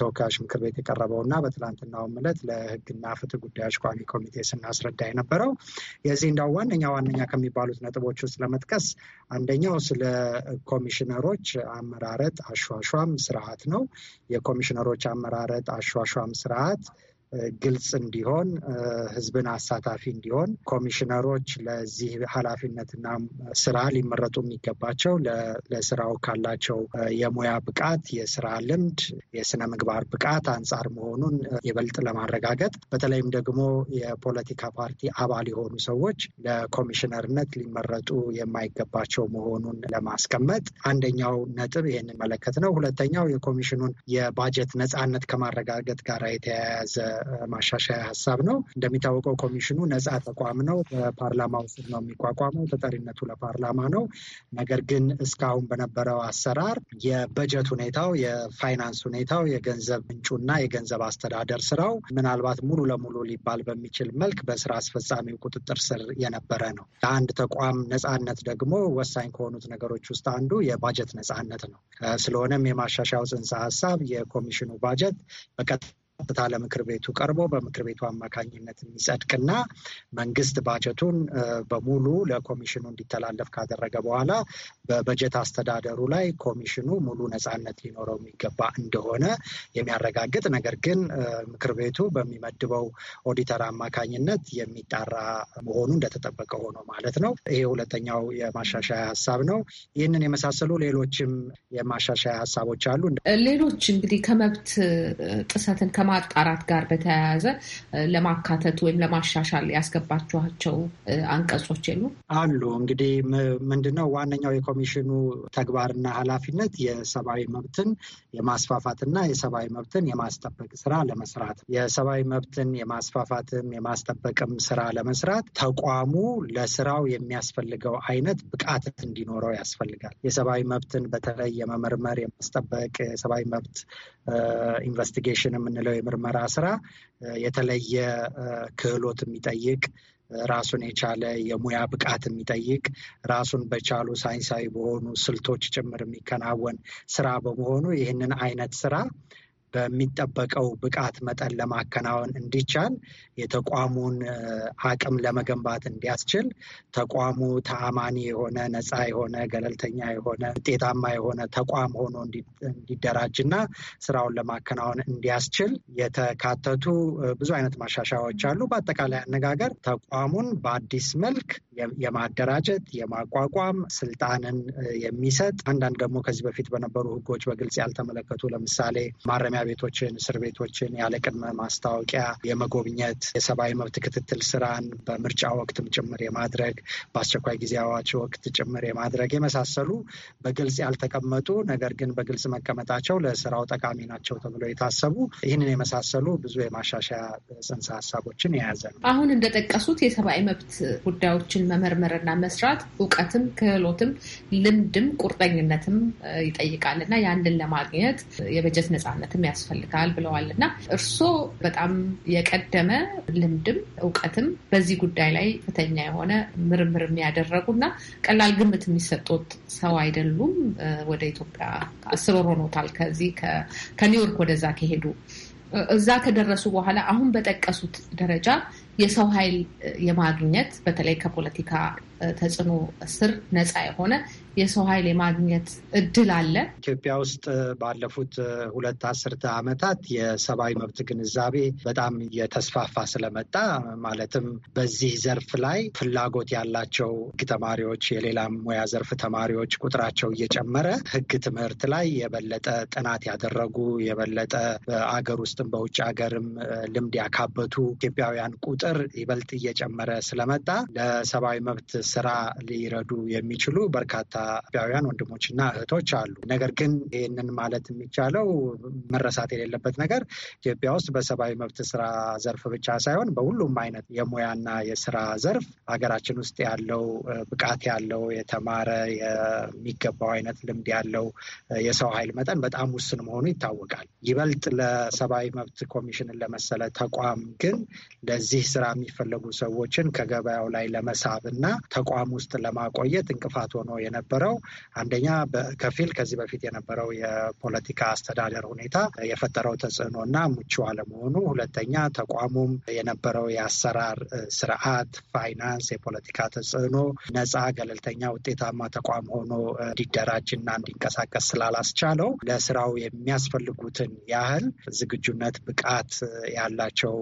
ተወካዮች ምክር ቤት የቀረበው እና በትላንትናውም ዕለት ለህግና ፍትህ ጉዳዮች ቋሚ ኮሚቴ ስናስረዳ የነበረው የዚህ እንዳው ዋነኛ ዋነኛ ከሚባሉት ነጥቦች ውስጥ ለመጥቀስ አንደኛው ስለ ኮሚሽነሮች አመራረጥ አሿሿም ስርዓት ነው። የኮሚሽነሮች አመራረጥ አሿሿም ስርዓት ግልጽ እንዲሆን፣ ህዝብን አሳታፊ እንዲሆን ኮሚሽነሮች ለዚህ ኃላፊነትና ስራ ሊመረጡ የሚገባቸው ለስራው ካላቸው የሙያ ብቃት፣ የስራ ልምድ፣ የስነ ምግባር ብቃት አንጻር መሆኑን ይበልጥ ለማረጋገጥ በተለይም ደግሞ የፖለቲካ ፓርቲ አባል የሆኑ ሰዎች ለኮሚሽነርነት ሊመረጡ የማይገባቸው መሆኑን ለማስቀመጥ አንደኛው ነጥብ ይህን መለከት ነው። ሁለተኛው የኮሚሽኑን የባጀት ነፃነት ከማረጋገጥ ጋር የተያያዘ ማሻሻያ ሀሳብ ነው። እንደሚታወቀው ኮሚሽኑ ነጻ ተቋም ነው። በፓርላማ ውስጥ ነው የሚቋቋመው። ተጠሪነቱ ለፓርላማ ነው። ነገር ግን እስካሁን በነበረው አሰራር የበጀት ሁኔታው፣ የፋይናንስ ሁኔታው፣ የገንዘብ ምንጩና የገንዘብ አስተዳደር ስራው ምናልባት ሙሉ ለሙሉ ሊባል በሚችል መልክ በስራ አስፈጻሚው ቁጥጥር ስር የነበረ ነው። ለአንድ ተቋም ነጻነት ደግሞ ወሳኝ ከሆኑት ነገሮች ውስጥ አንዱ የባጀት ነጻነት ነው። ስለሆነም የማሻሻያው ጽንሰ ሀሳብ የኮሚሽኑ ባጀት በቀጥ ቀጥታ ለምክር ቤቱ ቀርቦ በምክር ቤቱ አማካኝነት የሚጸድቅና መንግስት ባጀቱን በሙሉ ለኮሚሽኑ እንዲተላለፍ ካደረገ በኋላ በበጀት አስተዳደሩ ላይ ኮሚሽኑ ሙሉ ነፃነት ሊኖረው የሚገባ እንደሆነ የሚያረጋግጥ ነገር ግን ምክር ቤቱ በሚመድበው ኦዲተር አማካኝነት የሚጣራ መሆኑ እንደተጠበቀ ሆኖ ማለት ነው። ይሄ ሁለተኛው የማሻሻያ ሀሳብ ነው። ይህንን የመሳሰሉ ሌሎችም የማሻሻያ ሀሳቦች አሉ። ሌሎች እንግዲህ ከመብት ጥሰትን ከማ ከማጣራት ጋር በተያያዘ ለማካተት ወይም ለማሻሻል ያስገባችኋቸው አንቀጾች የሉ አሉ። እንግዲህ ምንድነው ዋነኛው የኮሚሽኑ ተግባርና ኃላፊነት የሰብአዊ መብትን የማስፋፋትና የሰብአዊ መብትን የማስጠበቅ ስራ ለመስራት የሰብአዊ መብትን የማስፋፋትም የማስጠበቅም ስራ ለመስራት ተቋሙ ለስራው የሚያስፈልገው አይነት ብቃት እንዲኖረው ያስፈልጋል። የሰብአዊ መብትን በተለይ የመመርመር የማስጠበቅ የሰብአዊ መብት ኢንቨስቲጌሽን የምንለው የመጀመሪያው የምርመራ ስራ የተለየ ክህሎት የሚጠይቅ ራሱን የቻለ የሙያ ብቃት የሚጠይቅ ራሱን በቻሉ ሳይንሳዊ በሆኑ ስልቶች ጭምር የሚከናወን ስራ በመሆኑ ይህንን አይነት ስራ በሚጠበቀው ብቃት መጠን ለማከናወን እንዲቻል የተቋሙን አቅም ለመገንባት እንዲያስችል ተቋሙ ተአማኒ የሆነ ነፃ የሆነ ገለልተኛ የሆነ ውጤታማ የሆነ ተቋም ሆኖ እንዲደራጅና ስራውን ለማከናወን እንዲያስችል የተካተቱ ብዙ አይነት ማሻሻያዎች አሉ። በአጠቃላይ አነጋገር ተቋሙን በአዲስ መልክ የማደራጀት የማቋቋም ስልጣንን የሚሰጥ አንዳንድ ደግሞ ከዚህ በፊት በነበሩ ህጎች በግልጽ ያልተመለከቱ ለምሳሌ ማረሚያ ቤቶችን፣ እስር ቤቶችን ያለ ቅድመ ማስታወቂያ የመጎብኘት የሰብአዊ መብት ክትትል ስራን በምርጫ ወቅትም ጭምር የማድረግ በአስቸኳይ ጊዜ አዋጅ ወቅት ጭምር የማድረግ የመሳሰሉ በግልጽ ያልተቀመጡ ነገር ግን በግልጽ መቀመጣቸው ለስራው ጠቃሚ ናቸው ተብሎ የታሰቡ ይህንን የመሳሰሉ ብዙ የማሻሻያ ጽንሰ ሀሳቦችን የያዘ ነው። አሁን እንደጠቀሱት የሰብአዊ መብት ጉዳዮችን ነገሮችን መመርመርና መስራት እውቀትም፣ ክህሎትም፣ ልምድም ቁርጠኝነትም ይጠይቃል እና ያንን ለማግኘት የበጀት ነፃነትም ያስፈልጋል ብለዋል እና እርስዎ በጣም የቀደመ ልምድም እውቀትም በዚህ ጉዳይ ላይ ከፍተኛ የሆነ ምርምር የሚያደረጉ እና ቀላል ግምት የሚሰጡት ሰው አይደሉም። ወደ ኢትዮጵያ አስር ወር ሆኖታል ከዚህ ከኒውዮርክ ወደዛ ከሄዱ እዛ ከደረሱ በኋላ አሁን በጠቀሱት ደረጃ የሰው ኃይል የማግኘት በተለይ ከፖለቲካ ተጽዕኖ ስር ነፃ የሆነ የሰው ኃይል የማግኘት እድል አለ። ኢትዮጵያ ውስጥ ባለፉት ሁለት አስርተ ዓመታት የሰብአዊ መብት ግንዛቤ በጣም የተስፋፋ ስለመጣ ማለትም በዚህ ዘርፍ ላይ ፍላጎት ያላቸው ሕግ ተማሪዎች፣ የሌላ ሙያ ዘርፍ ተማሪዎች ቁጥራቸው እየጨመረ ሕግ ትምህርት ላይ የበለጠ ጥናት ያደረጉ የበለጠ በአገር ውስጥም በውጭ ሀገርም ልምድ ያካበቱ ኢትዮጵያውያን ቁጥር ይበልጥ እየጨመረ ስለመጣ ለሰብአዊ መብት ስራ ሊረዱ የሚችሉ በርካታ ኢትዮጵያውያን ወንድሞችና እህቶች አሉ። ነገር ግን ይህንን ማለት የሚቻለው መረሳት የሌለበት ነገር ኢትዮጵያ ውስጥ በሰብአዊ መብት ስራ ዘርፍ ብቻ ሳይሆን በሁሉም አይነት የሙያና የስራ ዘርፍ ሀገራችን ውስጥ ያለው ብቃት ያለው የተማረ የሚገባው አይነት ልምድ ያለው የሰው ኃይል መጠን በጣም ውስን መሆኑ ይታወቃል። ይበልጥ ለሰብአዊ መብት ኮሚሽንን ለመሰለ ተቋም ግን ለዚህ ስራ የሚፈለጉ ሰዎችን ከገበያው ላይ ለመሳብ እና ተቋም ውስጥ ለማቆየት እንቅፋት ሆኖ የነበ የነበረው አንደኛ ከፊል ከዚህ በፊት የነበረው የፖለቲካ አስተዳደር ሁኔታ የፈጠረው ተጽዕኖ እና ምቹ አለመሆኑ፣ ሁለተኛ ተቋሙም የነበረው የአሰራር ስርዓት፣ ፋይናንስ፣ የፖለቲካ ተጽዕኖ ነፃ፣ ገለልተኛ፣ ውጤታማ ተቋም ሆኖ እንዲደራጅ እና እንዲንቀሳቀስ ስላላስቻለው ለስራው የሚያስፈልጉትን ያህል ዝግጁነት፣ ብቃት ያላቸው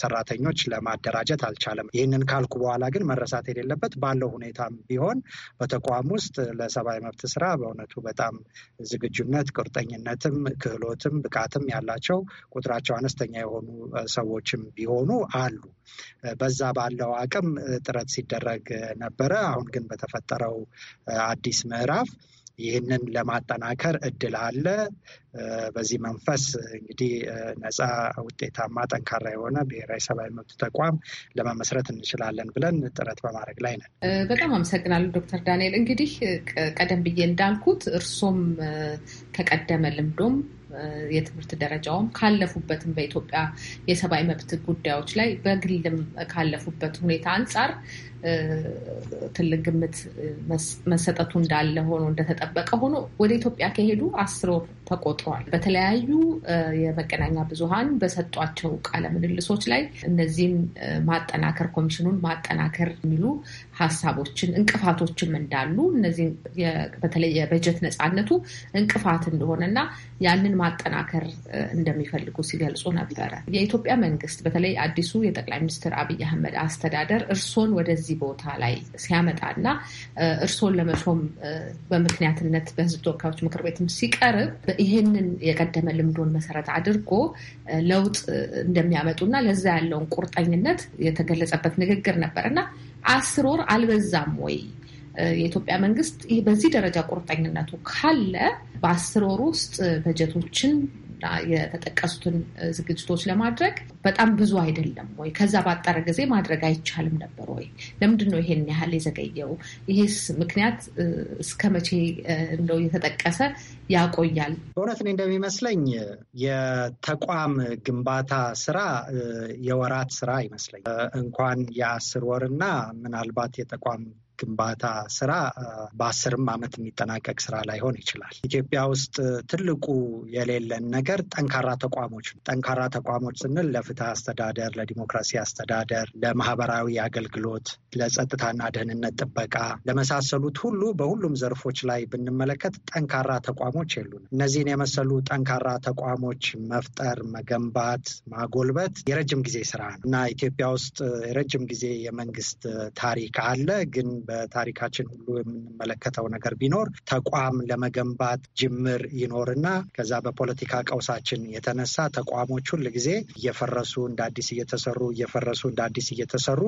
ሰራተኞች ለማደራጀት አልቻለም። ይህንን ካልኩ በኋላ ግን መረሳት የሌለበት ባለው ሁኔታም ቢሆን በተቋም ውስጥ ለሰብአዊ መብት ስራ በእውነቱ በጣም ዝግጁነት፣ ቁርጠኝነትም፣ ክህሎትም ብቃትም ያላቸው ቁጥራቸው አነስተኛ የሆኑ ሰዎችም ቢሆኑ አሉ። በዛ ባለው አቅም ጥረት ሲደረግ ነበረ። አሁን ግን በተፈጠረው አዲስ ምዕራፍ ይህንን ለማጠናከር እድል አለ። በዚህ መንፈስ እንግዲህ ነፃ፣ ውጤታማ፣ ጠንካራ የሆነ ብሔራዊ ሰብአዊ መብት ተቋም ለመመስረት እንችላለን ብለን ጥረት በማድረግ ላይ ነን። በጣም አመሰግናለሁ ዶክተር ዳንኤል። እንግዲህ ቀደም ብዬ እንዳልኩት እርሶም ከቀደመ ልምዶም የትምህርት ደረጃውም ካለፉበትም በኢትዮጵያ የሰብአዊ መብት ጉዳዮች ላይ በግልም ካለፉበት ሁኔታ አንጻር ትልቅ ግምት መሰጠቱ እንዳለ ሆኖ እንደተጠበቀ ሆኖ ወደ ኢትዮጵያ ከሄዱ አስር ወር ተቆጥሯል። በተለያዩ የመገናኛ ብዙኃን በሰጧቸው ቃለ ምልልሶች ላይ እነዚህን ማጠናከር ኮሚሽኑን ማጠናከር የሚሉ ሀሳቦችን እንቅፋቶችም እንዳሉ እነዚህ በተለይ የበጀት ነፃነቱ እንቅፋት እንደሆነና ያንን ማጠናከር እንደሚፈልጉ ሲገልጹ ነበረ። የኢትዮጵያ መንግስት በተለይ አዲሱ የጠቅላይ ሚኒስትር አብይ አህመድ አስተዳደር እርሶን ወደዚህ እዚህ ቦታ ላይ ሲያመጣና እርስዎን ለመሾም በምክንያትነት በህዝብ ተወካዮች ምክር ቤትም ሲቀርብ ይህንን የቀደመ ልምዶን መሰረት አድርጎ ለውጥ እንደሚያመጡና ለዛ ያለውን ቁርጠኝነት የተገለጸበት ንግግር ነበር እና አስር ወር አልበዛም ወይ? የኢትዮጵያ መንግስት በዚህ ደረጃ ቁርጠኝነቱ ካለ በአስር ወር ውስጥ በጀቶችን የተጠቀሱትን ዝግጅቶች ለማድረግ በጣም ብዙ አይደለም ወይ? ከዛ ባጠረ ጊዜ ማድረግ አይቻልም ነበር ወይ? ለምንድን ነው ይሄን ያህል የዘገየው? ይሄስ ምክንያት እስከ መቼ እንደው የተጠቀሰ ያቆያል? በእውነት እኔ እንደሚመስለኝ የተቋም ግንባታ ስራ የወራት ስራ ይመስለኝ እንኳን የአስር ወርና ምናልባት የተቋም ግንባታ ስራ በአስርም ዓመት የሚጠናቀቅ ስራ ላይሆን ይችላል። ኢትዮጵያ ውስጥ ትልቁ የሌለን ነገር ጠንካራ ተቋሞች ነው። ጠንካራ ተቋሞች ስንል ለፍትህ አስተዳደር፣ ለዲሞክራሲ አስተዳደር፣ ለማህበራዊ አገልግሎት፣ ለጸጥታና ደህንነት ጥበቃ ለመሳሰሉት ሁሉ በሁሉም ዘርፎች ላይ ብንመለከት ጠንካራ ተቋሞች የሉንም። እነዚህን የመሰሉ ጠንካራ ተቋሞች መፍጠር፣ መገንባት፣ ማጎልበት የረጅም ጊዜ ስራ ነው እና ኢትዮጵያ ውስጥ የረጅም ጊዜ የመንግስት ታሪክ አለ ግን በታሪካችን ሁሉ የምንመለከተው ነገር ቢኖር ተቋም ለመገንባት ጅምር ይኖርና ከዛ በፖለቲካ ቀውሳችን የተነሳ ተቋሞች ሁል ጊዜ እየፈረሱ እንደ አዲስ እየተሰሩ እየፈረሱ እንደ አዲስ እየተሰሩ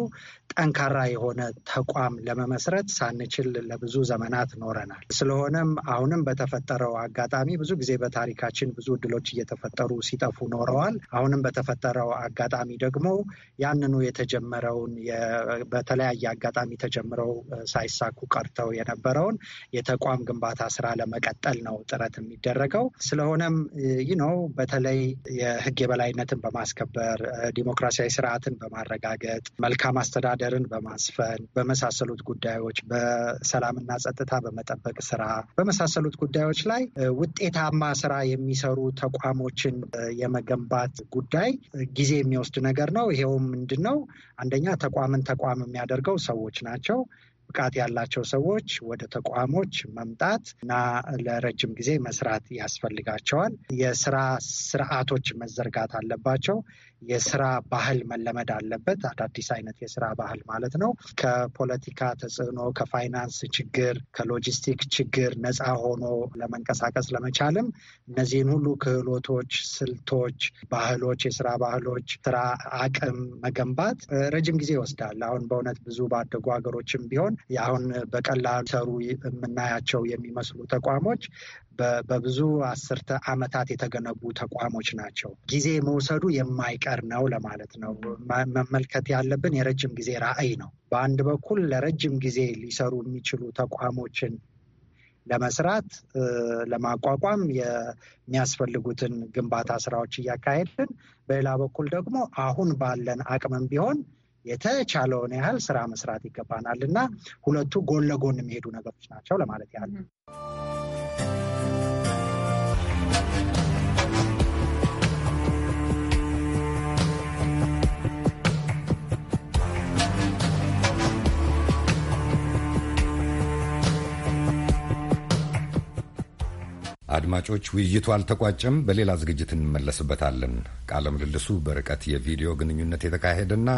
ጠንካራ የሆነ ተቋም ለመመስረት ሳንችል ለብዙ ዘመናት ኖረናል። ስለሆነም አሁንም በተፈጠረው አጋጣሚ ብዙ ጊዜ በታሪካችን ብዙ እድሎች እየተፈጠሩ ሲጠፉ ኖረዋል። አሁንም በተፈጠረው አጋጣሚ ደግሞ ያንኑ የተጀመረውን በተለያየ አጋጣሚ ተጀምረው ሳይሳኩ ቀርተው የነበረውን የተቋም ግንባታ ስራ ለመቀጠል ነው ጥረት የሚደረገው። ስለሆነም ይህ ነው በተለይ የህግ የበላይነትን በማስከበር ዲሞክራሲያዊ ስርዓትን በማረጋገጥ መልካም አስተዳደርን በማስፈን በመሳሰሉት ጉዳዮች በሰላምና ጸጥታ በመጠበቅ ስራ በመሳሰሉት ጉዳዮች ላይ ውጤታማ ስራ የሚሰሩ ተቋሞችን የመገንባት ጉዳይ ጊዜ የሚወስድ ነገር ነው። ይሄውም ምንድን ነው? አንደኛ ተቋምን ተቋም የሚያደርገው ሰዎች ናቸው። ብቃት ያላቸው ሰዎች ወደ ተቋሞች መምጣት እና ለረጅም ጊዜ መስራት ያስፈልጋቸዋል። የስራ ስርዓቶች መዘርጋት አለባቸው። የስራ ባህል መለመድ አለበት። አዳዲስ አይነት የስራ ባህል ማለት ነው። ከፖለቲካ ተጽዕኖ፣ ከፋይናንስ ችግር፣ ከሎጂስቲክ ችግር ነፃ ሆኖ ለመንቀሳቀስ ለመቻልም እነዚህን ሁሉ ክህሎቶች፣ ስልቶች፣ ባህሎች፣ የስራ ባህሎች፣ ስራ አቅም መገንባት ረጅም ጊዜ ይወስዳል። አሁን በእውነት ብዙ ባደጉ ሀገሮችም ቢሆን አሁን በቀላሉ ሰሩ የምናያቸው የሚመስሉ ተቋሞች በብዙ አስርተ ዓመታት የተገነቡ ተቋሞች ናቸው። ጊዜ መውሰዱ የማይቀ ቀር ነው ለማለት ነው። መመልከት ያለብን የረጅም ጊዜ ራዕይ ነው። በአንድ በኩል ለረጅም ጊዜ ሊሰሩ የሚችሉ ተቋሞችን ለመስራት ለማቋቋም የሚያስፈልጉትን ግንባታ ስራዎች እያካሄድን፣ በሌላ በኩል ደግሞ አሁን ባለን አቅምም ቢሆን የተቻለውን ያህል ስራ መስራት ይገባናል እና ሁለቱ ጎን ለጎን የሚሄዱ ነገሮች ናቸው ለማለት ያህል አድማጮች፣ ውይይቱ አልተቋጨም። በሌላ ዝግጅት እንመለስበታለን። ቃለ ምልልሱ በርቀት የቪዲዮ ግንኙነት የተካሄደና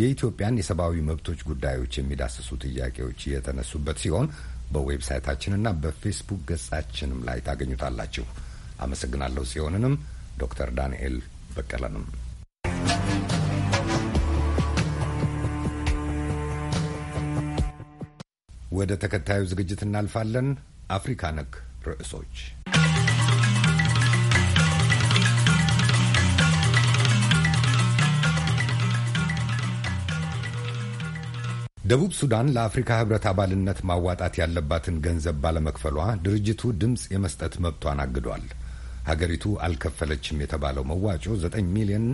የኢትዮጵያን የሰብአዊ መብቶች ጉዳዮች የሚዳስሱ ጥያቄዎች የተነሱበት ሲሆን በዌብሳይታችንና በፌስቡክ ገጻችንም ላይ ታገኙታላችሁ። አመሰግናለሁ ጽዮንንም ዶክተር ዳንኤል በቀለንም። ወደ ተከታዩ ዝግጅት እናልፋለን። አፍሪካ ነክ ርዕሶች ደቡብ ሱዳን ለአፍሪካ ህብረት አባልነት ማዋጣት ያለባትን ገንዘብ ባለመክፈሏ ድርጅቱ ድምፅ የመስጠት መብቷን አግዷል። ሀገሪቱ አልከፈለችም የተባለው መዋጮ 9 ሚሊዮን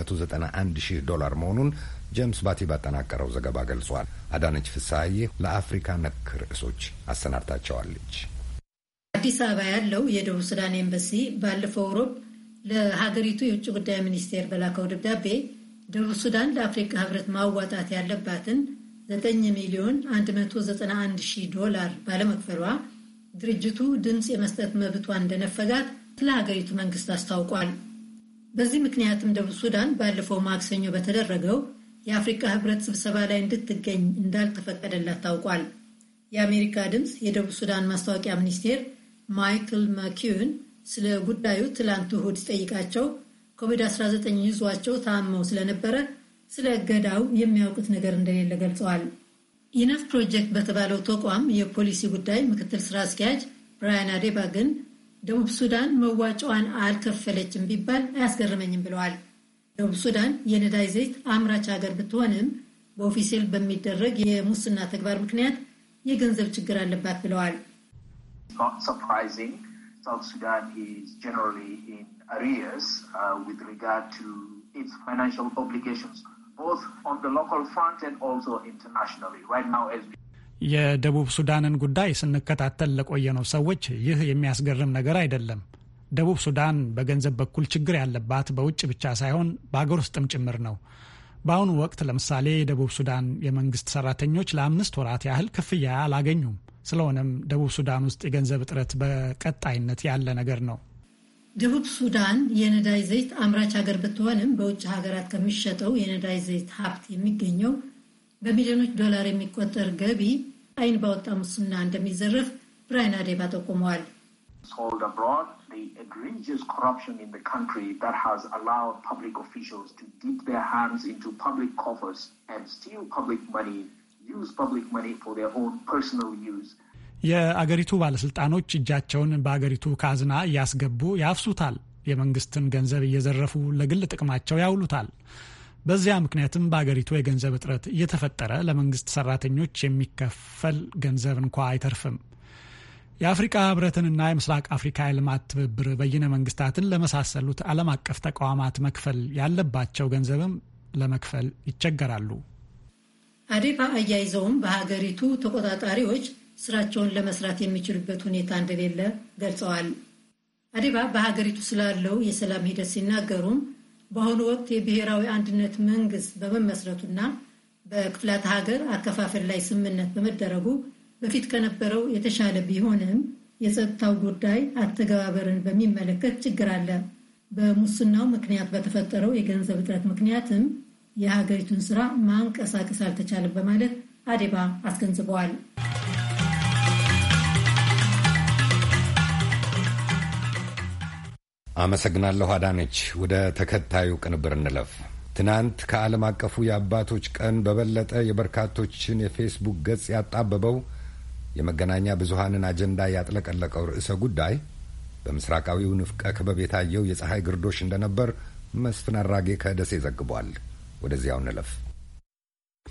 191 ሺህ ዶላር መሆኑን ጄምስ ባቲ ባጠናቀረው ዘገባ ገልጿል። አዳነች ፍሳሐዬ ለአፍሪካ ነክ ርዕሶች አሰናድታቸዋለች። አዲስ አበባ ያለው የደቡብ ሱዳን ኤምባሲ ባለፈው ሮብ ለሀገሪቱ የውጭ ጉዳይ ሚኒስቴር በላከው ደብዳቤ ደቡብ ሱዳን ለአፍሪካ ህብረት ማዋጣት ያለባትን 9 ሚሊዮን 191 ሺህ ዶላር ባለመክፈሏ ድርጅቱ ድምፅ የመስጠት መብቷ እንደነፈጋት ስለ ሀገሪቱ መንግስት አስታውቋል። በዚህ ምክንያትም ደቡብ ሱዳን ባለፈው ማክሰኞ በተደረገው የአፍሪካ ህብረት ስብሰባ ላይ እንድትገኝ እንዳልተፈቀደላት ታውቋል። የአሜሪካ ድምፅ የደቡብ ሱዳን ማስታወቂያ ሚኒስቴር ማይክል ማኪዩን ስለ ጉዳዩ ትላንት እሁድ ሲጠይቃቸው ኮቪድ-19 ይዟቸው ታመው ስለነበረ ስለ እገዳው የሚያውቁት ነገር እንደሌለ ገልጸዋል። ኢነፍ ፕሮጀክት በተባለው ተቋም የፖሊሲ ጉዳይ ምክትል ስራ አስኪያጅ ብራያን አዴባ ግን ደቡብ ሱዳን መዋጫዋን አልከፈለችም ቢባል አያስገርመኝም ብለዋል። ደቡብ ሱዳን የነዳጅ ዘይት አምራች ሀገር ብትሆንም በኦፊሴል በሚደረግ የሙስና ተግባር ምክንያት የገንዘብ ችግር አለባት ብለዋል። not surprising, South Sudan is generally in arrears uh, with regard to its financial obligations, both on the local front and also internationally. Right now, as we የደቡብ ሱዳንን ጉዳይ ስንከታተል ለቆየነው ሰዎች ይህ የሚያስገርም ነገር አይደለም። ደቡብ ሱዳን በገንዘብ በኩል ችግር ያለባት በውጭ ብቻ ሳይሆን በአገር ውስጥም ጭምር ነው። በአሁኑ ወቅት ለምሳሌ የደቡብ ሱዳን የመንግስት ሰራተኞች ለአምስት ወራት ያህል ክፍያ አላገኙም። ስለሆነም ደቡብ ሱዳን ውስጥ የገንዘብ እጥረት በቀጣይነት ያለ ነገር ነው። ደቡብ ሱዳን የነዳጅ ዘይት አምራች ሀገር ብትሆንም በውጭ ሀገራት ከሚሸጠው የነዳጅ ዘይት ሀብት የሚገኘው በሚሊዮኖች ዶላር የሚቆጠር ገቢ አይን ባወጣ ሙስና እንደሚዘረፍ ብራይን አዴባ ጠቁመዋል። የአገሪቱ ባለስልጣኖች እጃቸውን በአገሪቱ ካዝና እያስገቡ ያፍሱታል። የመንግስትን ገንዘብ እየዘረፉ ለግል ጥቅማቸው ያውሉታል። በዚያ ምክንያትም በአገሪቱ የገንዘብ እጥረት እየተፈጠረ ለመንግስት ሰራተኞች የሚከፈል ገንዘብ እንኳ አይተርፍም። የአፍሪካ ህብረትንና የምስራቅ አፍሪካ የልማት ትብብር በይነ መንግስታትን ለመሳሰሉት ዓለም አቀፍ ተቋማት መክፈል ያለባቸው ገንዘብም ለመክፈል ይቸገራሉ። አዴፓ አያይዘውም በሀገሪቱ ተቆጣጣሪዎች ስራቸውን ለመስራት የሚችሉበት ሁኔታ እንደሌለ ገልጸዋል። አዴባ በሀገሪቱ ስላለው የሰላም ሂደት ሲናገሩም በአሁኑ ወቅት የብሔራዊ አንድነት መንግስት በመመስረቱና በክፍላተ ሀገር አከፋፈል ላይ ስምምነት በመደረጉ በፊት ከነበረው የተሻለ ቢሆንም የጸጥታው ጉዳይ አተገባበርን በሚመለከት ችግር አለ። በሙስናው ምክንያት በተፈጠረው የገንዘብ እጥረት ምክንያትም የሀገሪቱን ስራ ማንቀሳቀስ አልተቻለም በማለት አዴባ አስገንዝበዋል። አመሰግናለሁ አዳነች። ወደ ተከታዩ ቅንብር እንለፍ። ትናንት ከዓለም አቀፉ የአባቶች ቀን በበለጠ የበርካቶችን የፌስቡክ ገጽ ያጣበበው የመገናኛ ብዙሃንን አጀንዳ ያጥለቀለቀው ርዕሰ ጉዳይ በምስራቃዊው ንፍቀ ክበብ የታየው የፀሐይ ግርዶሽ እንደነበር መስፍን አራጌ ከደሴ ዘግቧል። ወደዚያው እንለፍ።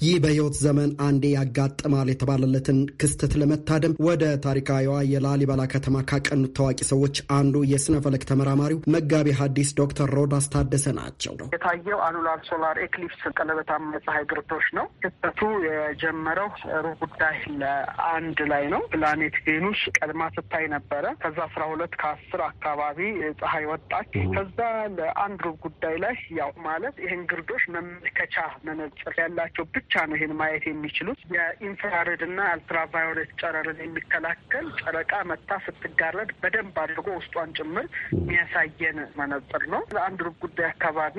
ይህ በሕይወት ዘመን አንዴ ያጋጥማል የተባለለትን ክስተት ለመታደም ወደ ታሪካዊዋ የላሊበላ ከተማ ካቀኑት ታዋቂ ሰዎች አንዱ የስነ ፈለክ ተመራማሪው መጋቢ ሐዲስ ዶክተር ሮዳስ ታደሰ ናቸው። ነው የታየው አኑላር ሶላር ኤክሊፕስ ቀለበታማ የፀሐይ ግርዶሽ ነው። ክስተቱ የጀመረው ሩብ ጉዳይ ለአንድ ላይ ነው። ፕላኔት ቬኑስ ቀድማ ስታይ ነበረ። ከዛ አስራ ሁለት ከአስር አካባቢ ፀሐይ ወጣች። ከዛ ለአንድ ሩብ ጉዳይ ላይ ያው ማለት ይህን ግርዶች መመልከቻ መነጽር ያላቸው ብቻ ነው ይህን ማየት የሚችሉት። የኢንፍራሬድ እና አልትራቫዮሌት ጨረርን የሚከላከል ጨረቃ መታ ስትጋረድ በደንብ አድርጎ ውስጧን ጭምር የሚያሳየን መነጽር ነው። ለአንድ ሩብ ጉዳይ አካባቢ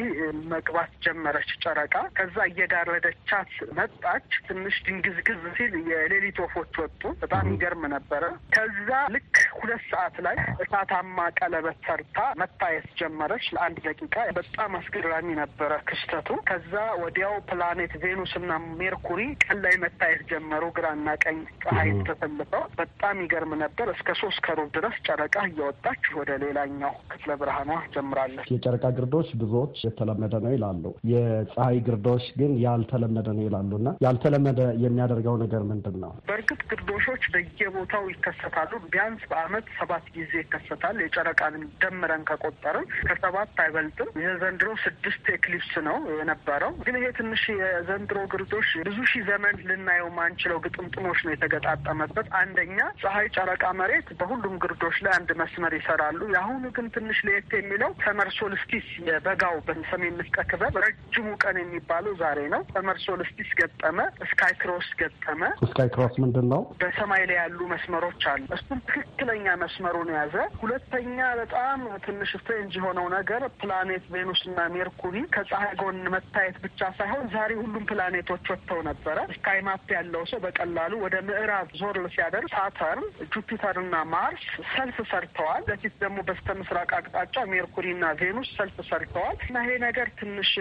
መግባት ጀመረች ጨረቃ። ከዛ እየጋረደቻት መጣች። ትንሽ ድንግዝግዝ ሲል የሌሊት ወፎች ወጡ። በጣም ይገርም ነበረ። ከዛ ልክ ሁለት ሰዓት ላይ እሳታማ ቀለበት ሰርታ መታየት ጀመረች ለአንድ ደቂቃ። በጣም አስገራሚ ነበረ ክስተቱ። ከዛ ወዲያው ፕላኔት ቬኑስ እና እና ሜርኩሪ ቀን ላይ መታየት ጀመሩ። ግራና ቀኝ ፀሐይ ተሰልፈው በጣም ይገርም ነበር። እስከ ሶስት ከሩብ ድረስ ጨረቃ እየወጣች ወደ ሌላኛው ክፍለ ብርሃኗ ጀምራለች። የጨረቃ ግርዶች ብዙዎች የተለመደ ነው ይላሉ። የፀሐይ ግርዶች ግን ያልተለመደ ነው ይላሉ። እና ያልተለመደ የሚያደርገው ነገር ምንድን ነው? በእርግጥ ግርዶሾች በየቦታው ይከሰታሉ። ቢያንስ በአመት ሰባት ጊዜ ይከሰታል። የጨረቃን ደምረን ከቆጠርም ከሰባት አይበልጥም። የዘንድሮ ስድስት ኤክሊፕስ ነው የነበረው። ግን ይሄ ትንሽ የዘንድሮ ግር ግጥምጥሞሽ ብዙ ሺህ ዘመን ልናየው ማንችለው ግጥምጥሞች ነው የተገጣጠመበት። አንደኛ ፀሐይ፣ ጨረቃ፣ መሬት በሁሉም ግርዶች ላይ አንድ መስመር ይሰራሉ። የአሁኑ ግን ትንሽ ለየት የሚለው ሰመር ሶልስቲስ የበጋው በሰሜን ምስቀ ክበብ ረጅሙ ቀን የሚባለው ዛሬ ነው። ሰመር ሶልስቲስ ገጠመ፣ ስካይ ክሮስ ገጠመ። ስካይ ክሮስ ምንድን ነው? በሰማይ ላይ ያሉ መስመሮች አሉ። እሱም ትክክለኛ መስመሩን ያዘ። ሁለተኛ በጣም ትንሽ ስትሬንጅ የሆነው ነገር ፕላኔት ቬኑስ እና ሜርኩሪ ከፀሐይ ጎን መታየት ብቻ ሳይሆን ዛሬ ሁሉም ፕላኔቶ ሪፖርቶች ወጥተው ነበረ። ስካይ ማፕ ያለው ሰው በቀላሉ ወደ ምዕራብ ዞር ሲያደርግ ሳተርን፣ ጁፒተርና ማርስ ሰልፍ ሰርተዋል። በፊት ደግሞ በስተ ምስራቅ አቅጣጫ ሜርኩሪና ቬኑስ ሰልፍ ሰርተዋል እና ይሄ ነገር ትንሽ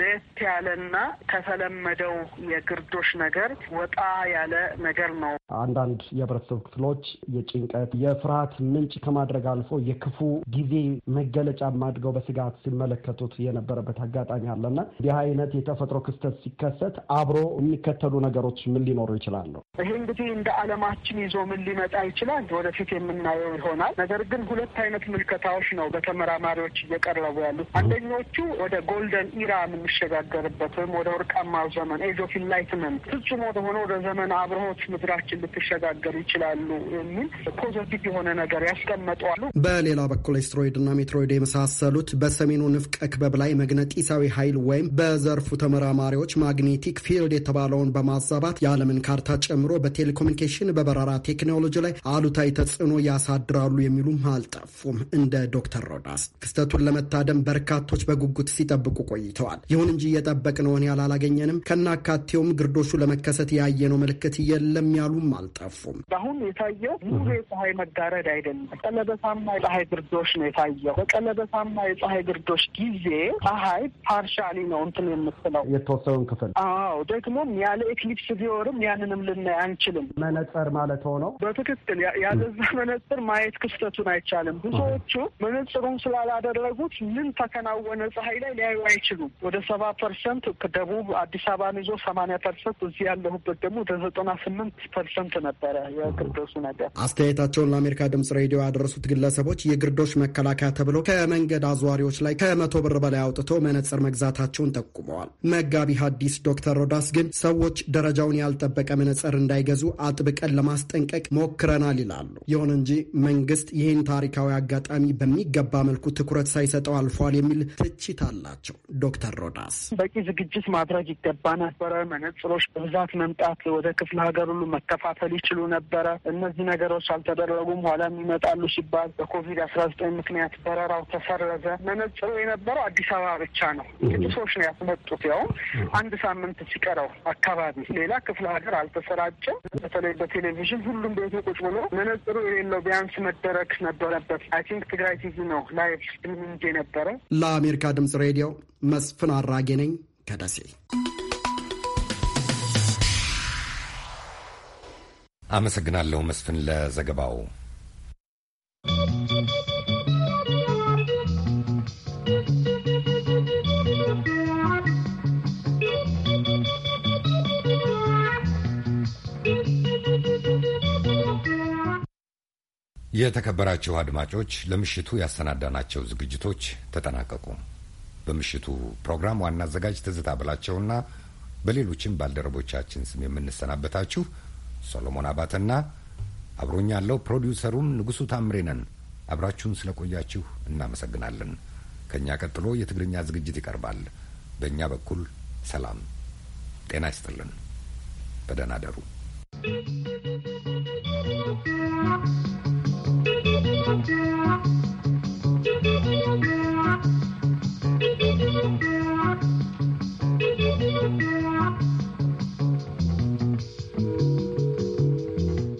ለየት ያለና ከተለመደው የግርዶሽ ነገር ወጣ ያለ ነገር ነው። አንዳንድ የህብረተሰብ ክፍሎች የጭንቀት የፍርሃት ምንጭ ከማድረግ አልፎ የክፉ ጊዜ መገለጫ አድርገው በስጋት ሲመለከቱት የነበረበት አጋጣሚ አለና እንዲህ አይነት የተፈጥሮ ክስተት ሲከሰት አብሮ የሚከተሉ ነገሮች ምን ሊኖሩ ይችላሉ? ይሄ እንግዲህ እንደ አለማችን ይዞ ምን ሊመጣ ይችላል ወደፊት የምናየው ይሆናል። ነገር ግን ሁለት አይነት ምልከታዎች ነው በተመራማሪዎች እየቀረቡ ያሉት። አንደኞቹ ወደ ጎልደን ኢራ የምንሸጋገርበት ወይም ወደ ወርቃማው ዘመን ኤጅ ኦፍ ኢንላይትመንት ፍጹም ወደሆነ ወደ ዘመን አብርሆት ምድራችን ልትሸጋገሩ ይችላሉ የሚል ፖዘቲቭ የሆነ ነገር ያስቀመጠዋሉ። በሌላ በኩል ኤስትሮይድና ሜትሮይድ የመሳሰሉት በሰሜኑ ንፍቀ ክበብ ላይ መግነጢሳዊ ኃይል ወይም በዘርፉ ተመራማሪዎች ማግኔቲክ ፊልድ የተባለውን በማዛባት የዓለምን ካርታ ጨምሮ በቴሌኮሙኒኬሽን በበረራ ቴክኖሎጂ ላይ አሉታዊ ተጽዕኖ ያሳድራሉ የሚሉም አልጠፉም። እንደ ዶክተር ሮዳስ ክስተቱን ለመታደም በርካቶች በጉጉት ሲጠብቁ ቆይተዋል። ይሁን እንጂ እየጠበቅነውን ያህል አላገኘንም፣ ከናካቴውም ግርዶሹ ለመከሰት ያየነው ምልክት የለም ያሉም አልጠፉም። አሁን የታየው ሙሉ የፀሐይ መጋረድ አይደለም፣ ቀለበታማ የፀሐይ ግርዶሽ ነው የታየው። በቀለበሳማ የፀሐይ ግርዶሽ ጊዜ ፀሐይ ፓርሻሊ ነው እንትን የምትለው የተወሰኑን ክፍል። አዎ ደግሞም ያለ ኤክሊፕስ ቢኖርም ያንንም ልናይ አንችልም። መነጽር ማለት ሆነው በትክክል ያለዛ መነጽር ማየት ክስተቱን አይቻልም። ብዙዎቹ መነጽሩን ስላላደረጉት ምን ተከናወነ ፀሐይ ላይ ሊያዩ አይችሉም። ወደ ሰባ ፐርሰንት ደቡብ አዲስ አበባን ይዞ ሰማንያ ፐርሰንት እዚህ ያለሁበት ደግሞ ወደ ዘጠና ስምንት ፐርሰንት ፐርሰንት ነበረ የግርዶሹ ነገር። አስተያየታቸውን ለአሜሪካ ድምጽ ሬዲዮ ያደረሱት ግለሰቦች የግርዶሽ መከላከያ ተብሎ ከመንገድ አዘዋሪዎች ላይ ከመቶ ብር በላይ አውጥቶ መነጽር መግዛታቸውን ጠቁመዋል። መጋቢ ሐዲስ ዶክተር ሮዳስ ግን ሰዎች ደረጃውን ያልጠበቀ መነጽር እንዳይገዙ አጥብቀን ለማስጠንቀቅ ሞክረናል ይላሉ። ይሁን እንጂ መንግስት ይህን ታሪካዊ አጋጣሚ በሚገባ መልኩ ትኩረት ሳይሰጠው አልፏል የሚል ትችት አላቸው። ዶክተር ሮዳስ በቂ ዝግጅት ማድረግ ይገባ ነበረ። መነጽሮች በብዛት መምጣት ወደ ክፍለ ሀገር ሁሉ መከፋ መከፋፈል ይችሉ ነበረ። እነዚህ ነገሮች አልተደረጉም። ኋላም ይመጣሉ ሲባል በኮቪድ አስራ ዘጠኝ ምክንያት በረራው ተሰረዘ። መነጽሩ የነበረው አዲስ አበባ ብቻ ነው። ሰዎች ነው ያስመጡት። ያው አንድ ሳምንት ሲቀረው አካባቢ ሌላ ክፍለ ሀገር አልተሰራጨም በተለይ በቴሌቪዥን ሁሉም ቤቱ ቁጭ ብሎ መነጽሩ የሌለው ቢያንስ መደረግ ነበረበት። አይ ቲንክ ትግራይ ቲቪ ነው ላይቭ ስትሪሚንግ የነበረው። ለአሜሪካ ድምጽ ሬዲዮ መስፍን አራጌ ነኝ ከደሴ አመሰግናለሁ መስፍን ለዘገባው። የተከበራችሁ አድማጮች ለምሽቱ ያሰናዳናቸው ዝግጅቶች ተጠናቀቁ። በምሽቱ ፕሮግራም ዋና አዘጋጅ ትዝታ ብላቸውና በሌሎችም ባልደረቦቻችን ስም የምንሰናበታችሁ ሶሎሞን አባተና አብሮኛ ያለው ፕሮዲውሰሩም ንጉሡ ታምሬ ነን። አብራችሁን ስለቆያችሁ እናመሰግናለን። ከእኛ ቀጥሎ የትግርኛ ዝግጅት ይቀርባል። በእኛ በኩል ሰላም ጤና ይስጥልን። በደህና ደሩ። Thank you.